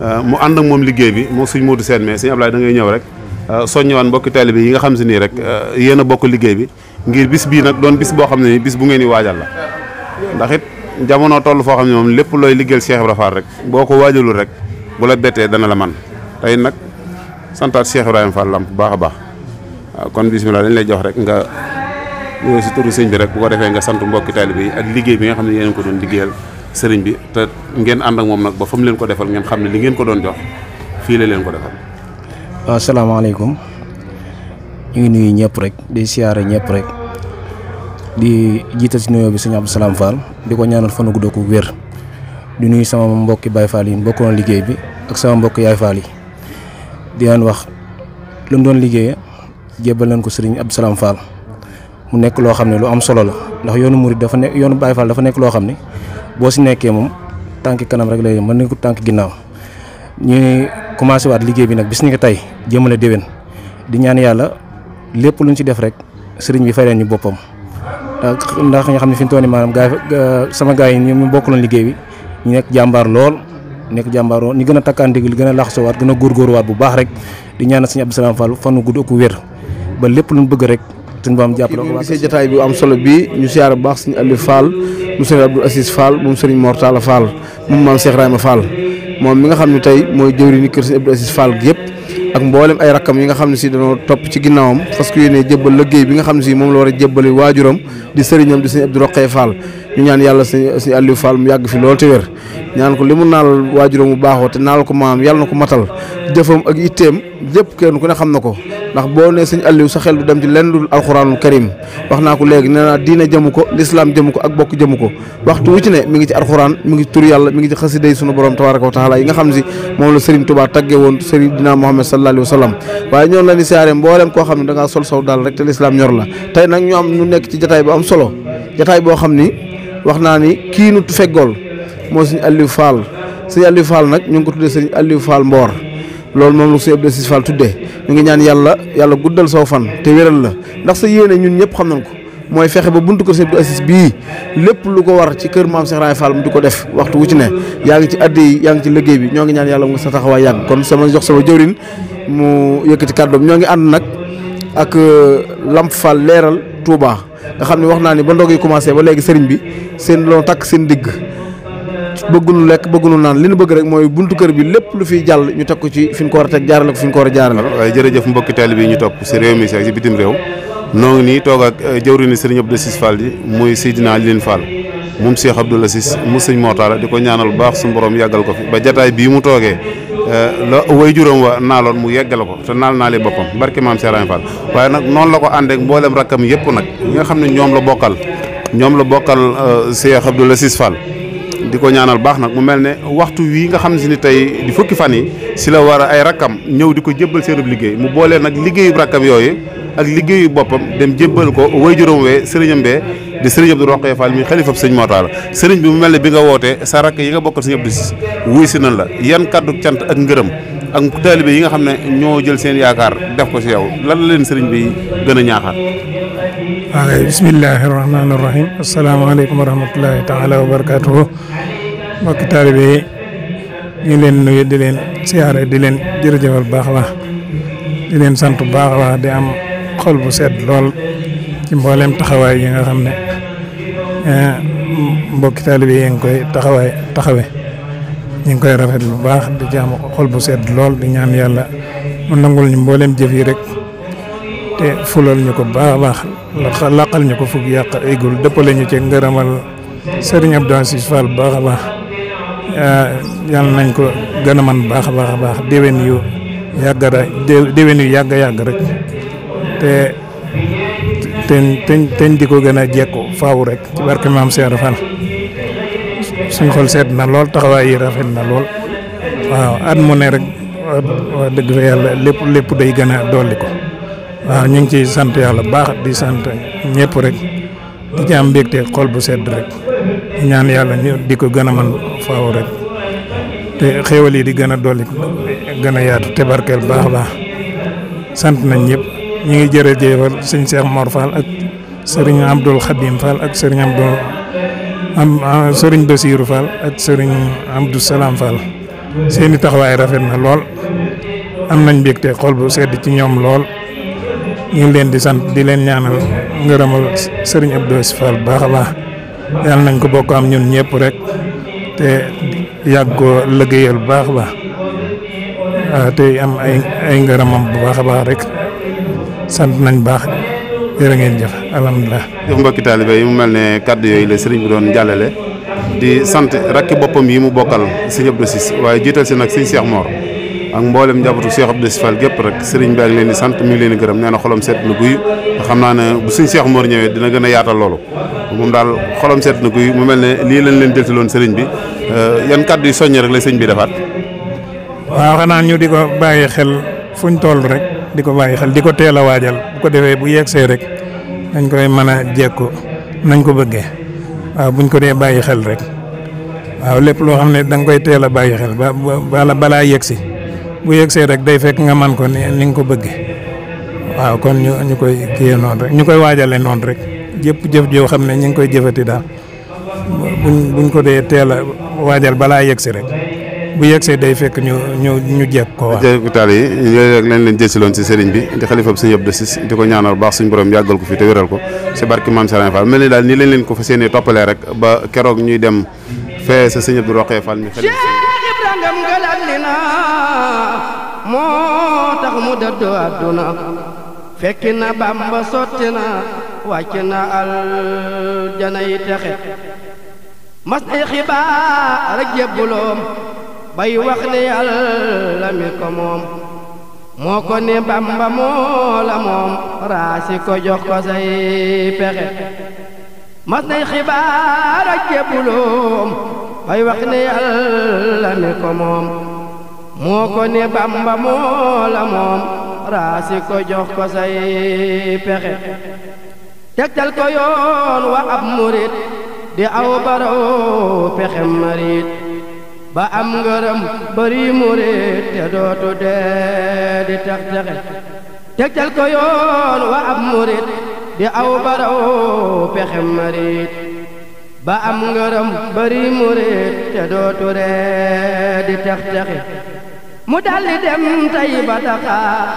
euh, mu ànd ak moom liggéey bi moom suñ Moodu Seen mais Sëñ Ablaye da ngay ñëw rek euh, soññewaan mbokki taalibe yi nga xam si nii rek euh, yéen a bokk liggéey bi ngir bis bii nag doon bis boo xam ne ni bis bu ngeen di waajal la ndax it jamono toll foo xam ne moom lépp looy liggéeyal Cheikh Ibra rek boo ko waajalul rek bu la bettee dana la man tey nag santaat Cheikh ibrahim Fall Lamp bu baax baax kon bismillah dañ lay jox rek nga ñëw ci turu sëñ bi rek bu ko defé nga sant mbokk talib yi ak liggéey bi nga xam yeen ko doon liggéeyal sëriñ bi te ngeen and ak mom nak ba fam leen ko defal ngeen xam li ngeen ko doon jox fi la leen ko defal. assalamu alaykum ñu ngi nuyu ñepp rek di siyaare ñepp rek di jiital ci nuyoo bi sëñ Abdou Salam Fall di ko ñaanal fanu gudd ko wér di nuyu sama mbokk bay Fall yi mbokkoon liggéey bi ak sama mbokk Yaay Fall yi di leen wax lu doon liggéeye jébbal nañ ko serigne Abdou Salam Fall mu nek lo lu am solo la ndax yoonu murid dafa nek yoonu Baye Fall dafa nek lo xam ne si nekkee mom tanki kanam rek lay man ko tanki ginnaw ñi commencé wat liggéey bi nak bis ni nga tay jëmale dewen di ñaan yalla lepp luñ ci def rek serigne bi fay leen ñu bopam ndax nga xam fiñ toni manam toll nii maanaam gaa sama gaa yi bi ñi nek jambar lool nekk jàmbaaroo ñu gën a takkaan déglu gën a laxasowaat gën a góorgóorwaat bu baax rek di ñaanal sëñ Abdou Salam Fall fanu gudd ak wér ba lépp lu ñu bëgg rek suñu baam jàppale ko gisee jotaay am solo bi ñu siyaar bu baax sëñ Aliou Fall mu sëriñ Abdou Assis Fall moom sëriñ Mortala Fall moom maam Cheikh Rahima Fall moom mi nga xam ne tey mooy jëwri ni kër sëñ Abdou Assis Fall gi yëpp ak mboolem ay rakkam yi nga xam ne si dañoo topp ci ginnaawam parce que yéene jébbal liggéey bi nga xam ne si moom la war a jébbali waajuram di sëriñam di sëñ Abdou Roqee Fall ñu ñaan yàlla sëñ sëñ faal mu yàgg fi lool te wér ñaan ko li mu naal waajuram bu baaxoo te naal ko maam yàlla na ko matal jëfam ak iteem lépp kenn ko ne xam na ko ndax boo ne sëñ Aliou sa xel du dem ci lenn dul alxuraanul karim wax naa ko léegi nee naa diina jëmu ko lislaam jëmu ko ak bokk jëmu ko waxtu wu ne mi ngi ci alxuraan mi ngi ci tur yàlla mi ngi ci xasiday sunu borom tabaraka wa taala yi nga xam si moom la Serigne Touba tagge woon Serigne dina Muhammad sallallahu alayhi wa sallam waaye ñoon la ni siyaare mbooleem koo xam ne da ngaa sol saw daal rek te lislaam ñor la tey nag ñu am ñu nekk ci jataay bu am solo jataay boo xam ni wax naa ni kii nu feggool moo sëñ Aliou Fall sëñ Aliou Fall nag ñu ngi ko tuddee sëñ Aliou Fall Mboor loolu moom la sëñ Abdou Aziz Fall tuddee ñu ngi ñaan yàlla yàlla guddal soo fan te wéral la ndax sa yéene ñun ñëpp xam nañ ko mooy fexe ba buntu ko sëñ Abdou Aziz bii lépp lu ko war ci kër maam Cheikh Raye Fall mu di ko def waxtu wu ci ne yaa ngi ci addi yi yaa ngi ci liggéey bi ñoo ngi ñaan yàlla mu sa taxawaay yàgg kon sama jox sama jëwrin mu yëkkati kàddoom ñoo ngi ànd nag ak euh, Lamp Fall leeral Touba nga xam ne wax naa ni ba ndog yi commencé ba léegi sëriñ bi seen loo takk seen digg bëggunu lekk bëggunu naan li nu bëgg rek mooy buntu kër bi lépp lu fi jàll ñu teg ko ci fi ñu ko war a teg jaarale ko fi ñu ko war a jaarale waaye jërëjëf mbokki taalibe yi ñu topp si réew mi si ak si bitim réew noo ngi nii toog ak eh, jëwriñu Sëriñ Abdou Sis Fall ji muy mu sëñ Mortalla di ko ñaanal bu baax suñu borom yàggal ko fi ba jataay bii mu toogee eh, la way juróom wa naaloon mu yeggal ko te naal naale boppam barke maam Cheikh Ibra waaye nag noonu la ko àndeek mboolem rakkam yëpp nag ñi nga xam ne ñoom la bokkal ñoom la bokkal eh, Cheikh Abdoul Aziz Fall di ko ñaanal baax nag mu mel ne waxtu wi nga xam si ni tey di fukki fan yi si la war ay rakkam ñëw di ko jébbal seenub liggéey mu boolee nag liggéeyub rakkam yooyu ak liggéeyu boppam dem jébbal ko way juróom wee sëriñam bee di sëriñ roq Rokhaya Fall mi xalifab sëñ Mor Talla sëriñ bi mu mel ne bi nga wootee sa rakk yi nga bokkal si Abdou Ciss wuy si na la yan kàddu cant ak ngërëm ak taalibe yi nga xam ne ñoo jël seen yaakaar def ko si yow lan leen sëriñ bi gën a ñaaxaat waaw bismillahi mbokki taalibe yi ñu leen nuyu di leen siyaare di leen jërëjëfal baax baax di leen sant baax baax di am xol bu sedd lool ci mbooleem taxawaay yi nga xam ne eh, mbokki taalibe yi ngi koy taxawaay taxawe ñu ngi koy rafet bu baax di ci am xol bu sedd lool di ñaan yàlla mu nangul ñu mbooleem jëf yi rek te fulal ñu ko baax baax laqal ñu ko fukk yàq eggul dëppale ñu ci ngërëmal Serigne Abdou Fall baax baax Eh, yàlla nañ ko gën a man baax a baax a baax déwén yu yàgg a yu yàgg yàgg rek te teñ teñ teñ di ko gën a jekku faaw rek ci barke maam Seex Faal suñ xol seet na lool taxawaay yi rafet na lool waaw at mu ne rek wax dëgg fa yàlla lépp lépp day gën a dolli ko waaw ñu ngi ciy sant yàlla baax di sant ñëpp rek di ci am mbégte xol bu sedd rek ñaan yàlla ñu di ko gën a man faaw rek te xéewal yi di gën a dolli gën a yaatu te barkeel baax baax sant nañ ñëpp ñu ngi jërëjëfal sëñ Cheikh Mor Fall ak sëriñ Abdul Khadim Fall ak sëriñ Abdul am sëriñ Basiiru Fall ak sëriñ Abdou Salam Fall seeni taxawaay rafet na lool am nañ mbégte xol bu sedd ci ñoom lool ñu leen di sant di leen ñaanal ngërëmal sëriñ Abdou Fall baax baax yal nañ ko bokk am ñun ñëpp rek te yàgg ko liggéeyal bu baax baax ah, te am ay ay ngërëmam bu baax a baax rek sant nañ baax jërë ngeen jëf alhamdulilah. yow mbokki talibé yi mu mel ne kàddu yooyu la sëriñ bi doon jàllale di sant rakki boppam yi mu bokkal sëñ Abdou Sis waaye jiital si nag sëñ Cheikh Mor ak mboolem njabootu Cheikh Abdou Sis Fall gépp rek sëriñ bi leen di sant mi leen di gërëm nee na xolam seet lu guy xam naa ne bu sëñ Cheikh Mor ñëwee dina gën a yaatal loolu. moom daal xolam seet na kuy mu mel ne lii lañ leen jëltaloon sëriñ bi euh, yan kàddu yi soññee rek la sëñ bi defaat. waaw xanaa ñu di ko bàyyi xel fuñ toll rek di ko bàyyi xel di ko teel a waajal bu ko defee bu yegsee rek dañ koy mën a jekku nañ ko bëggee buñ ko dee bàyyi xel rek lépp loo xam ne da koy teel a bàyyi xel ba bala balaa yegsi bu yegsee rek day fekk nga man ko ni nga ko bëggee waaw kon ñu koy kiyee noonu rek ñu koy waajalee noonu rek. jëpp jëf joo xam ne ñu ngi koy jëfati daal buñ buñ ko dee teel a waajal balaa yegsi rek bu yegsee day fekk ñu ñu ñu jekk ko waaw jërëjëf taal yi yooyu rek lañ leen jësiloon si sëriñ bi di xalifab sëñ Abdou Ciss di ko ñaanal baax suñu borom yàggal ko fi te wéral ko si barki maam Serigne Fall mel ni daal nii lañ leen ko fas yéenee toppalee rek ba keroog ñuy dem fee sa sëñ Abdou Rokhaya Fall mi xel rangam galan ni na moo tax mu dëddoo àdduna fekki na Bàmba sotti na wàcc na aljana yi texe mas nay xibaar ak jébbuloom bay wax ne yàlla mi ko moom moo ko ne bamba moo la moom raasi ko jox ko say pexe mas nay xibaar ak jébbuloom bay wax ne yàlla mi ko moom moo ko ne bamba moo la moom raasi ko jox ko say pexe tegtal ko yoon wa ab murit di aw baraw pexem marit ba am ngërëm bari murit te dootu dee di tax texe yoon wa ab murit di aw baraw pexem marit ba am ngërëm bari murit te dootu dee di tax mu daldi dem tey ba Dakar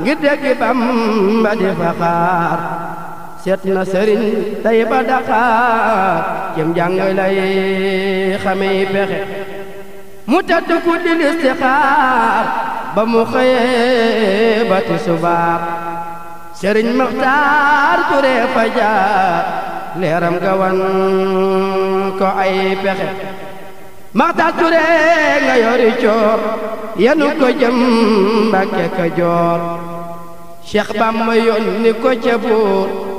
ngir dégg Bamba di fa xaar set na sëriñ tey ba daqaar cim jàng lay pexe mu tëdd ku di listixaar ba mu xëyee ba ti subaar sëriñ maxtaar turee fa leeram ga ko ay pexe maxtaar turee nga yori coor yanu ko jëm Mbàkke Kajoor Cheikh Bamba yónni ko ca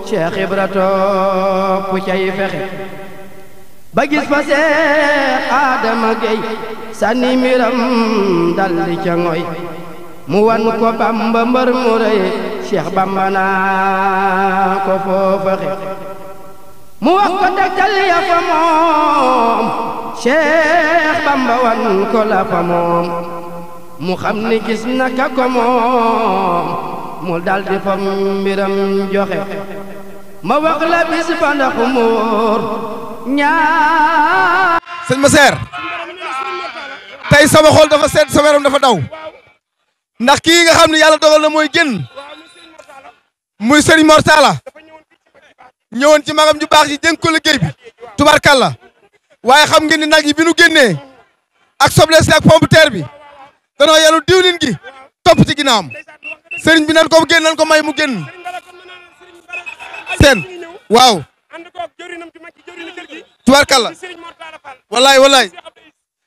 ci xibra topp cay fexe ba gis fa seex aadama gey sànni miram daldi ca ngoy mu wan ko bamba mbar mu rëy cheikh bamana ko fo foofaxe mu wax ko dagal ya fa mom cheikh bamba wan ko la fa mom mu xamni gis na ka ko mom mu daldi fam miram joxe ma wax la bis ba ndax muur ñaar. sëñ ma seer tey sama xol dafa sedd sama yaram dafa daw ndax kii nga xam ne yàlla dogal na mooy génn muy sëriñ Mor Talla ñëwoon ci magam ju baax ji dénk ko liggéey bi tubarkalla waaye xam ngeen ni nag yi bi nu génnee ak soble si ak pompe terre bi danoo yenu diwlin gi topp ci ginnaawam sëriñ bi nan ko génn nan ko may mu génn seen waaw tubaarkàlla wallaay wallaay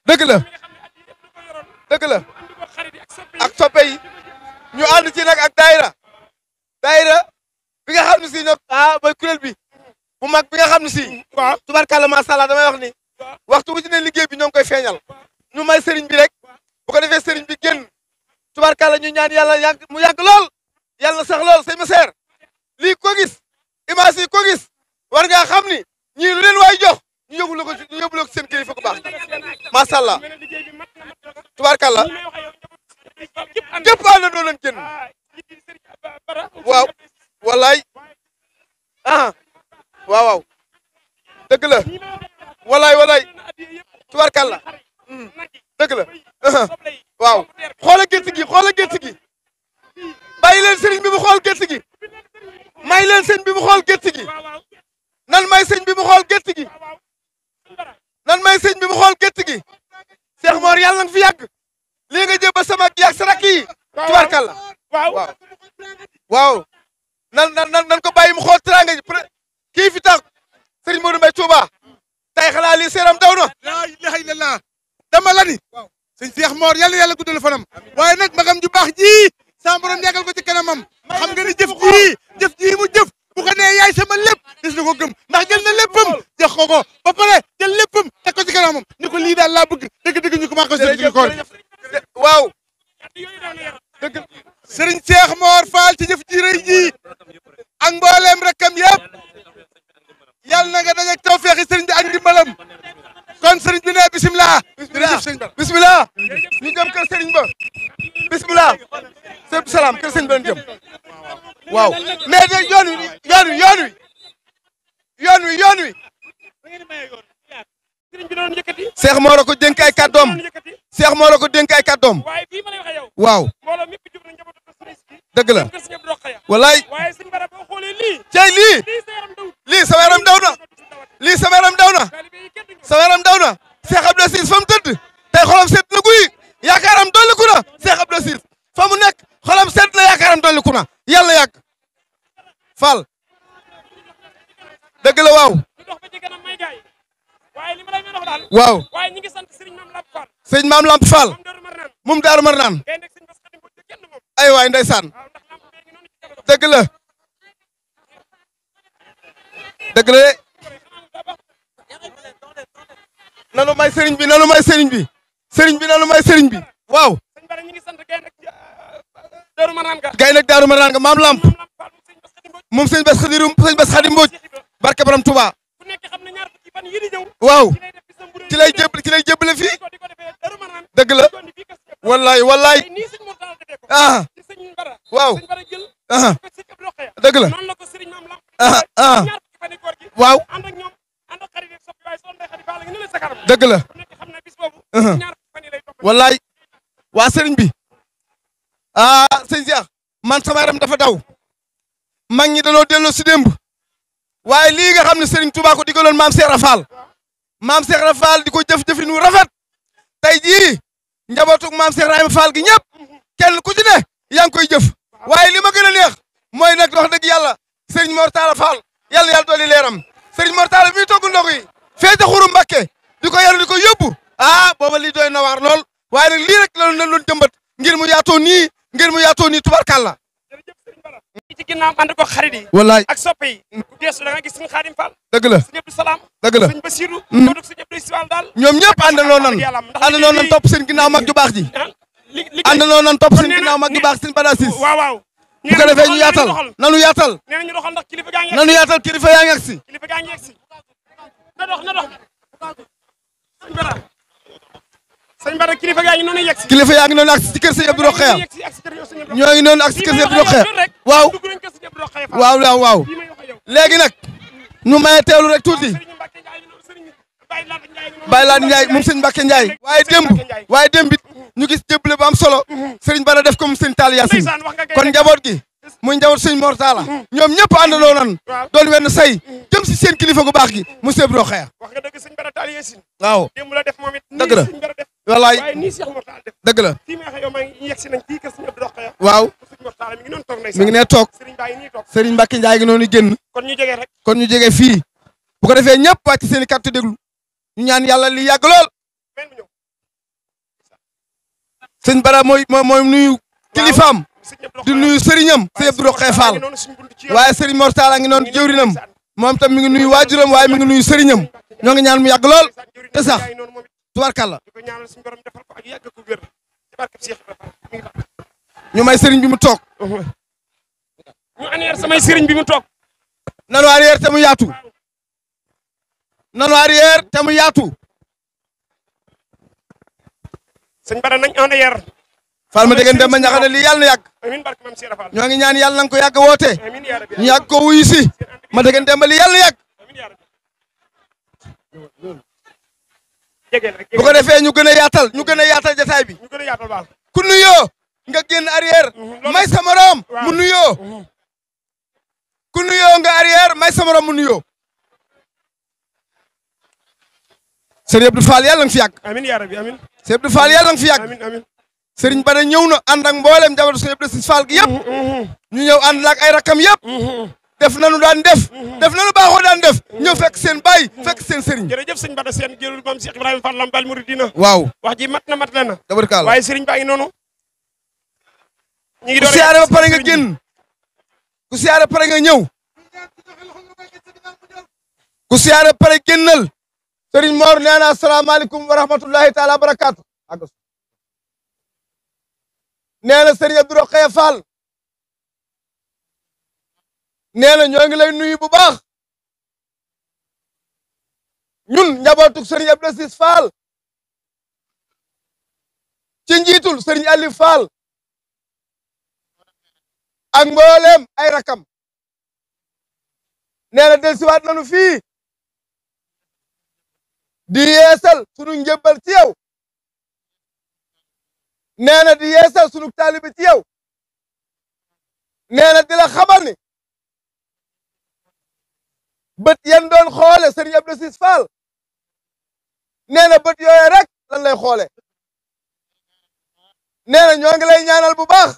dëgg la dëgg la ak soppe yi ñu ànd ci nag ak daayira daayira bi nga xam ne si nag ah mooy kuréel bi bu mag bi nga xam ne si waaw tubaarkàlla macha allah damay wax ni waxtu bu ci ne liggéey bi ñoo ngi koy feeñal ñu may sëriñ bi rek bu ko defee sëriñ bi génn tubaarkàlla ñu ñaan yàlla yàgg mu yàgg lool yàlla sax lool sëñ ma seer lii ko gis image yi ko gis war ngaa xam ni ñii lu leen waay jox ñu yóbbu la ko ñu yóbbu la ko seen kilifa ku baax macha allah tubaarkàlla képp àndandoo leen génn waaw wallaay ah waaw waaw dëgg la wallaay wallaay tubaarkàlla hmm. dëgg la uh-huh. waaw xoola gerte gi xoola gerte gi. bàyyi leen sëriñ bi mu xool gerte gi may leen sëñ bi mu xool nan may sëñ bi mu xool gerte gi nan may sëñ bi mu xool gi Cheikh Mor yàlla nga fi yàgg lii nga jëb ba sama yàgg sa rakk yi tubarkalla waaw waaw nan nan nan ko bàyyi mu xool teraanga ji kii fi tax sëriñ Modou Mbaye Touba tey xanaa lii seeram daw na laa ilaha illallah dama la ni sëñ Cheikh Mor yàlla fanam waaye nag magam ju baax ji sama borom yàggal ko ci kanamam xam nga ni jëf jii jëf jii mu jëf bu ko yaay sama lépp gis na ko gëm ndax jël na léppam jox ko ko jël léppam teg ko ci kanamam ni ko lii daal laa ko maa ko sëriñ koor waaw dëgg sëriñ Cheikh Mor Fall ci jëf ji rëy ji ak mbooleem rakkam yëpp yàlla na nga daje ak tawfeexi sëriñ bi ak ndimbalam kon sëriñ bi ne bisimilah bisimilah bisimilah ñu dem kër sëriñ ba bisimilah sëñ salaam kër sëñ benn jëm waaw mais de yoon wi yoon wi yoon wi seex moo la ko dénk ay kàddoom seex moo la ko dénk ay kàddoom waaw dëgg la walaay cey lii lii sama yaram daw na lii daw na sama yaram daw na seex Abdou Aziz tëdd tey xolam seet na guy yaakaaram dolliku seex Abdou Aziz fa mu nekk xolam sedd na yaakaaram dolli ku na yàlla yàgg Fall dëgg la waaw waaw sëñ maam Lamp Fall moom Daaru Marnaan ay waay ndeysaan dëgg la dëgg de nanu may bi nanu may bi sëriñ bi nanu may sëriñ bi waaw gaynde daaru ma naan nga maam lamp moom sëñ bas xadim sëñ bas xadim mbóoj barke borom Touba waaw ci lay jëb ci lay jëbale fii dëgg la wallaay wallaay ah waaw ah dëgg la ah ah waaw dëgg la uh-huh. wallaay waa sëriñ bi ah sëñ man sama dafa daw mag ñi danoo delloo si démb waaye lii nga xam ne Serigne Touba ko digaloon maam Cheikh Rafal maam Cheikh Rafal di ko jëf-jëfin wu rafet tey jii njabootug maam Cheikh Rahima gi ñëpp kenn ku ci ne yaa ngi koy jëf waaye lima ma gën a neex mooy nag wax dëgg yàlla Serigne Mor Talla Fall yàlla yàlla dolli leeram Serigne Mor mi togg ndox yi feete xuru Mbakke di ko yaru di ko yóbbu ah booba lii doy na waar lool waaye nag lii rek la doon jëmbat ngir mu yaatoo ngir mu yaatoo nii tubarkàlla. jërëjëf sëriñ Bara. ci ginnaaw ànd ko xarit yi. wallaay ak soppe yi. ku geesu da nga gis suñu xaadim Fall. dëgg la suñu Abdou Salaam. dëgg la suñu Basiru. Mm. topp seen ginnaaw mag ju baax ah, topp seen ginnaaw mag ju baax seen Bara Cissé. nanu yaatal. na ñu doxal ndax kilifa gaa ngi nanu yaatal kilifa yaa ngi agsi. kilifa gaa ngi agsi. na dox sëñ Bara kilifa yaa ngi noonu yegg si kilifa yaa ngi noonu ak si kër sëñ Abdou Rokhaya ñoo ngi noonu ak si kër sëñ Abdou Rokhaya waaw waaw waaw waaw léegi nag ñu maye teelu rek tuuti Baye Laat Ndiaye moom sëñ Mbacke Ndiaye waaye démb waaye démb it ñu gis jébbale bu am solo mm-hmm. sëriñ Bara def ko mu sëñ Tall Yacine kon njaboot gi muy njaboot sëñ Mor Talla mm-hmm. ñoom ñëpp àndandoo nan doon wenn say mm-hmm. jëm si seen kilifa gu baax gi mu sëñ Abdou Rokhaya wax nga dëgg sëñ Bara Tall Yacine waaw démb la def moom it dëgg la wallaay waaye nii Cheikh Mortal def dëgg la fii may wax yow maa ngi yegg mi ngi noonu toog mi ngi ne toog Serigne Baye nii toog Serigne Mbacke Ndiaye kon ñu jege rek kon ñu jege fii bu ko defee ñëpp wàcc seen i carte déglu ñu ñaan yàlla li yàgg lool sëñ Bara mooy mooy nuyu kilifaam di nuyu sëriñam sëñ Abdou Rokhaya Fall waaye Serigne Mortal a ngi noonu jëwrinam moom tam mi ngi nuyu waajuram waaye mi ngi nuyu sëriñam ñoo ngi ñaan mu yàgg lool te sax tubarkalla di ñu may sëriñ bi mu toog ñu aneer samay sëriñ bi mu toog nanu arrière te mu nanu te mu nañ fal ma dégg dem ma ñaxane lii yàlla na yàgg ñoo ngi ñaan yàlla na ko yàgg woote ñu yàgg ko ma dem bu ko defee ñu gën a yaatal ñu gën a yaatal jataay bi ku nuyoo nga génn arrière may sa morom mu yo ku nuyoo nga arrière may sa morom mu nuyoo Serigne Abdou Fall yàlla nga fi yàgg amiin yaa rabbi amiin Serigne Abdou Fall yàlla nga fi yàgg amiin amiin Serigne Bada ñëw na ak mboolem njabootu Serigne Abdou Fall gi ñu ay rakam def nañu daan def mhm. def nañu baaxo daan def mhm. ñu fekk seen bay fekk seen sëriñ jërëjëf seigne Bada seen jëlul comme Cheikh ibrahim Fall Lambaal Mouridina waaw wax ji matna matlena mat le na tabarkaala waaye sëriñ baa ngi noonu ñu ngi doon ba pare nga genn ku siyaare pare nga ñew ku siyaare pare gennal sëriñ Mor nee assalamu alaykum wa rahmatullahi taala barakatuh barakaatu nee Abdou Rokhaya Fall nee na ñoo ngi lay nuyu bu baax ñun njabootug sëriñ Abdou Aziz Fall ci njiitul sëriñ Aliou ak mbooleem ay rakam nee na delsiwaat nañu fii di yeesal sunu njëbbal ci yow nee na di yeesal sunu taalibi ci yow nee na di bët yan doon xoole sëriñ Abdou Sis Fall nee na bët yooyu rek lan lay xoole nee na ñoo ngi lay ñaanal bu baax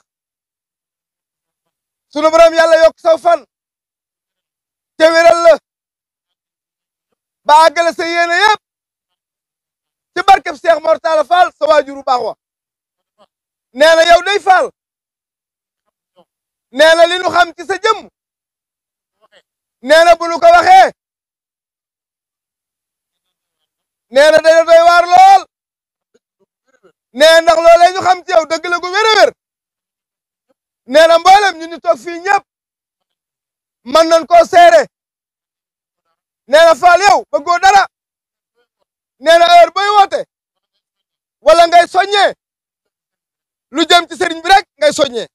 sunu borom yàlla yokk saw fan te la ba àggale sa yéene yëpp ci barkeb Seex Mortala Fall sa waajuru baax wa nee na day Fall nee na li nu xam ci sa jëmm neena na bu nu ko waxee nee na waar lool nee ndax loolee ñu xam ci yow dëgg la gu a wér nee na mboolem ñu ñu toog fii ñëpp mën nañ ko seere nee na faal yow bëggoo dara nee na heure woote wala ngay soññee lu jëm ci sëriñ bi rek ngay soññee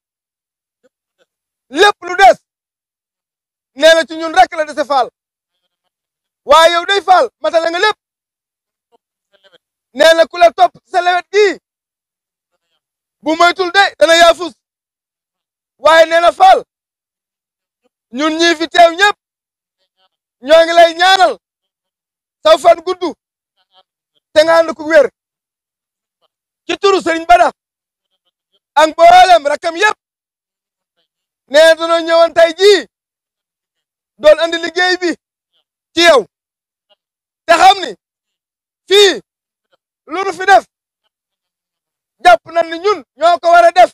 lépp lu des nee na ci ñun rek la dese faal waaye yow day faal matale nga lépp nee na ku sa lewet gii bu moytul de dana yaafus waaye nee faal ñun ñii teew ñëpp ñoo ngi lay ñaanal saw fan gudd te nga ànd ku wér ci turu sëriñ Bada ak mboolem rakam yëpp nee na danoo ñëwoon tey don andi liggey bi ci yow te xamni fi lu nu fi def japp na ni ñun ñoko wara def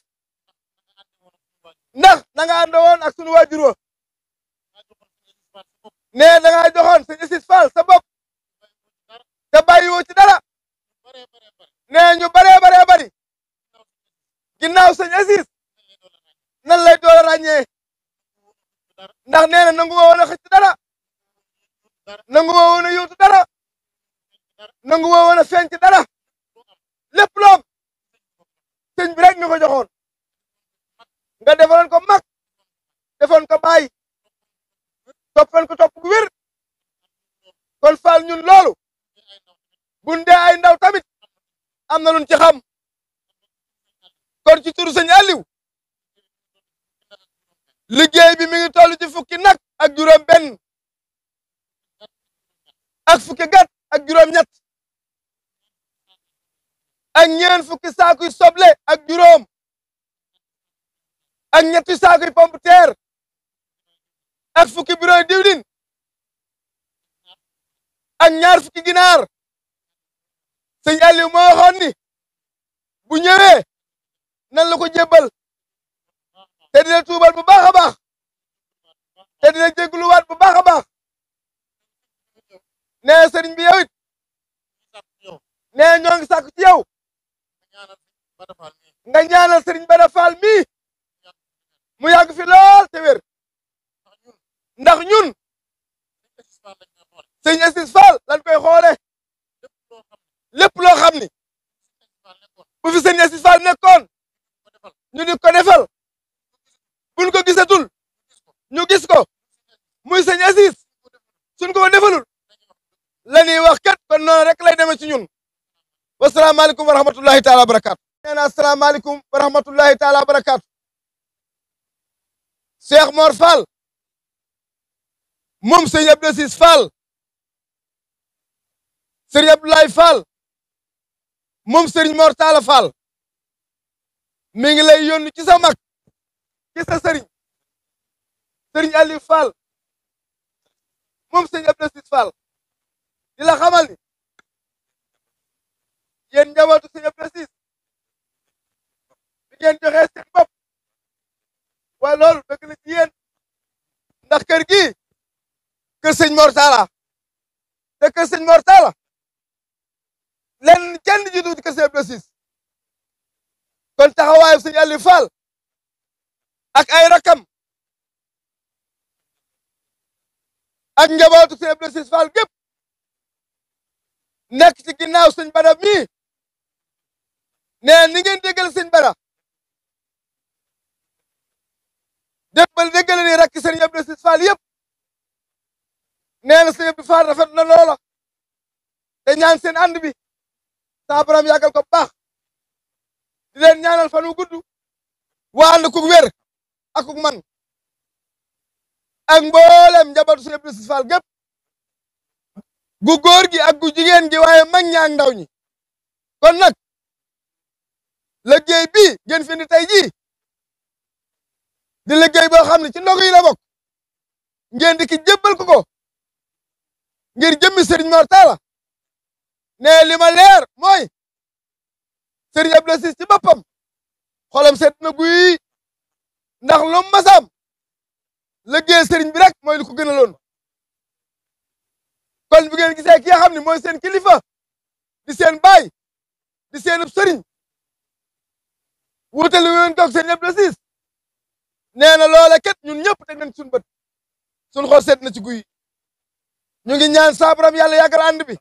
ndax da nga andawon ak sunu wajuro ne da nga joxon sun Isis Fall sa bop te wo ci dara ne ñu bare bare bare ginnaw sun Isis nan lay do la ragne ndax nee na nangu woon a xëcc dara nangu woon a yóotu dara nangu woon a feeñ dara lépp loo am sëñ bi rek ñu ko nga defoon ko mag defoon ko bàyyi toppoon ko topp gu wér kon faal ñun loolu buñ dee ay ndaw tamit am na luñ ci xam kon ci turu sëñ Aliou liggéey bi mi ngi toll ci fukki nag ak juróom benn ak fukki gàtt ak juróom ñett ak ñeen fukki saakuy soble ak juróom ak ñetti saakuy pompe terre ak fukki bureau diwlin ak ñaar fukki ginaar sëñ Aliou moo bu ñëwee nan la ko jébbal te dina tuubal bu baax a baax te dina jégluwaat bu baax a baax nee sëriñ bi nee ñoo ngi sàkku ci yow nga ñaanal sëriñ Bada Fall mii mu yàgg fi lool te wér ndax ñun sëñ Assis Fall lañ koy xoole lépp loo xam ni bu fi sëñ Assis Fall nekkoon ñu ko defal buñ ko gisatul ñu gis ko muy sëñ Aziz suñ ko defalul la ñuy wax kat kon noonu rek lay deme ci ñun wasalaamaaleykum wa rahmatullahi taala wa barakaatu nee na asalaamaaleykum wa rahmatullahi taala wa barakaatu Cheikh Mor Fall moom sëñ Abdou Aziz Fall sëriñ Abdoulaye Fall moom sëriñ Mor Talla Fall mi ngi lay yónni ci sa kessa serigne serigne ali Fall mom serigne Abdou Aziz Fall dila xamal ni yeen jabatou serigne Abdou Aziz di ngeen joxe sen bop wa loolu bëgg na ci yeen ndax kër gi kër serigne mortala te kër serigne mortala len lenn kenn jiitu ci kër sëñ Abdou Aziz kon taxawaayu serigne ali Fall ak ay rakam ak njabootu sëñ Abdou Sis Fall gépp nekk ci ginnaaw sëñ Bara mii nee ni ngeen déggal sëñ Bara débbal déggal ni rakk sëñ Abdou Sis Fall yëpp nee na sëñ Abdou Fall rafet na loola te ñaan seen ànd bi saa borom yàggal ko bu baax di leen ñaanal fan wu gudd waa ànd ku akuk man ak mboolem njabootu Sëriñ Abdou Aziz gu góor gi ak gu jigéen gi waaye mag ñi ak ndaw ñi kon nag liggéey bii ngeen fi indi tey jii di liggéey boo xam ne ci ndogu yi la bokk ngeen di ki jébbal ko ngir jëmmi Serigne Mor Talla ne li ma leer mooy Serigne Abdou Aziz ci boppam xolam set na guy ndax lom masam liggey serigne bi rek moy lu ko gënalon kon bu ngeen gisee ki nga xamni moy sen kilifa di sen bay di seenub sëriñ wuutali ween toog seen yëpp la siis nee na kat ñun ñëpp dañ nañ suñu bëtt suñu xool set na ci guuy ñu ngi ñaan saabaram yalla yagal and bi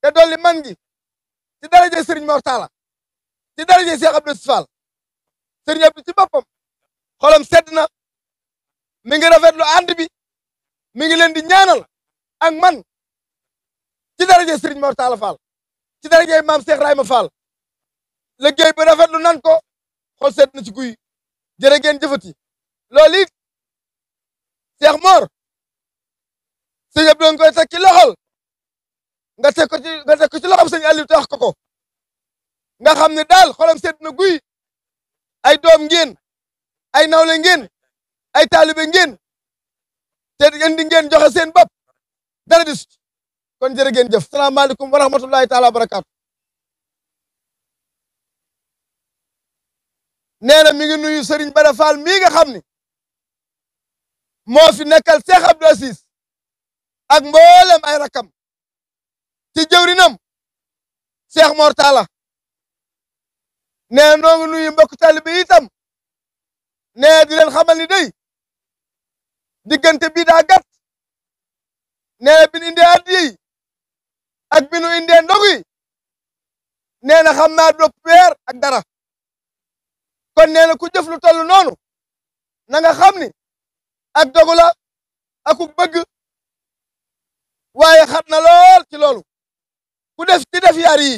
te doli man gi ci daraje serigne mortala ci daraje Cheikh Abdou Fall serigne Abdou ci bopam xolam sedd na mi ngi rafetlu ànd bi mi ngi leen di ñaanal ak man ci daraje Serigne Mor Talla Fall ci daraje maam ma Rahima Fall liggéey bi rafetlu nan ko xol sedd na ci guy jërë ngeen jëfati loolu it Cheikh Mor sëñ koy teg ci loxol nga teg ko ci nga teg ko ci loxol sëñ Aliou tax ko ko nga xam ne daal xolam sedd na guy ay doom ngeen. ay nawle ngeen ay taalibe ngeen te indi ngeen joxe seen bopp dara dis kon jërë ngeen jëf salaamaaleykum wa rahmatullahi taala wa barakaatu nee na mi ngi nuyu Serigne Bara Fall mii nga xam ni moo fi nekkal seex Abdou Aziz ak mboolem ay rakam ci jëwrinam Cheikh Mor Talla nee na noo ngi nuyu mbokk taalibe itam nee di xamal ni day diggante bii daa gàtt nee na bi nu addi yi ak bi nu indee ndogu yi nee xam naa dopp weer ak dara kon nee na ku jëflu lu noonu na nga xam ni ak dogu la bëgg waaye xat na lool ci loolu ku def ci def yaar yi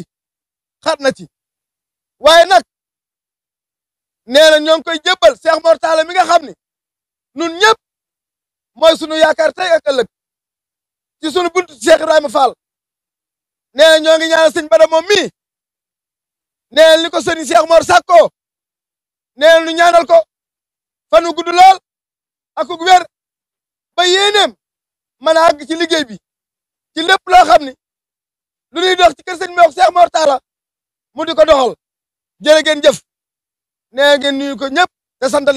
xat na ci waaye nag nee na koy jébbal Cheikh mortale mi nga xamni nun ñëpp moy suñu yaakar tay ak ëlëk ci suñu buntu Cheikh Ibrahima Fall nee na ñoo ngi ñaanal sëñ Bada moom mi nee na li Cheikh mort sakko nee ñu nu ñaanal ko fanu gudd lool ak ku wër ba yeenem mën ag ci liggey bi ci lepp lo xamni lu ñuy dox ci kër señ bi wax Cheikh Mor mu diko doxal jërë jëf nee ngeen nuyu ko ñëpp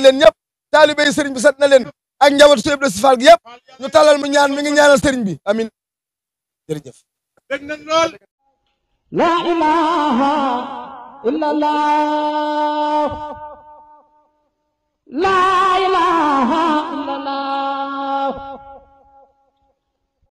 leen ñëpp taalibe yi sëriñ bi sant na leen ak njabootu Sëriñ Abdou Aziz Fall gi yëpp ñu talal mu ñaan mi ngi ñaanal sëriñ bi amin jërëjëf la ilaha illallah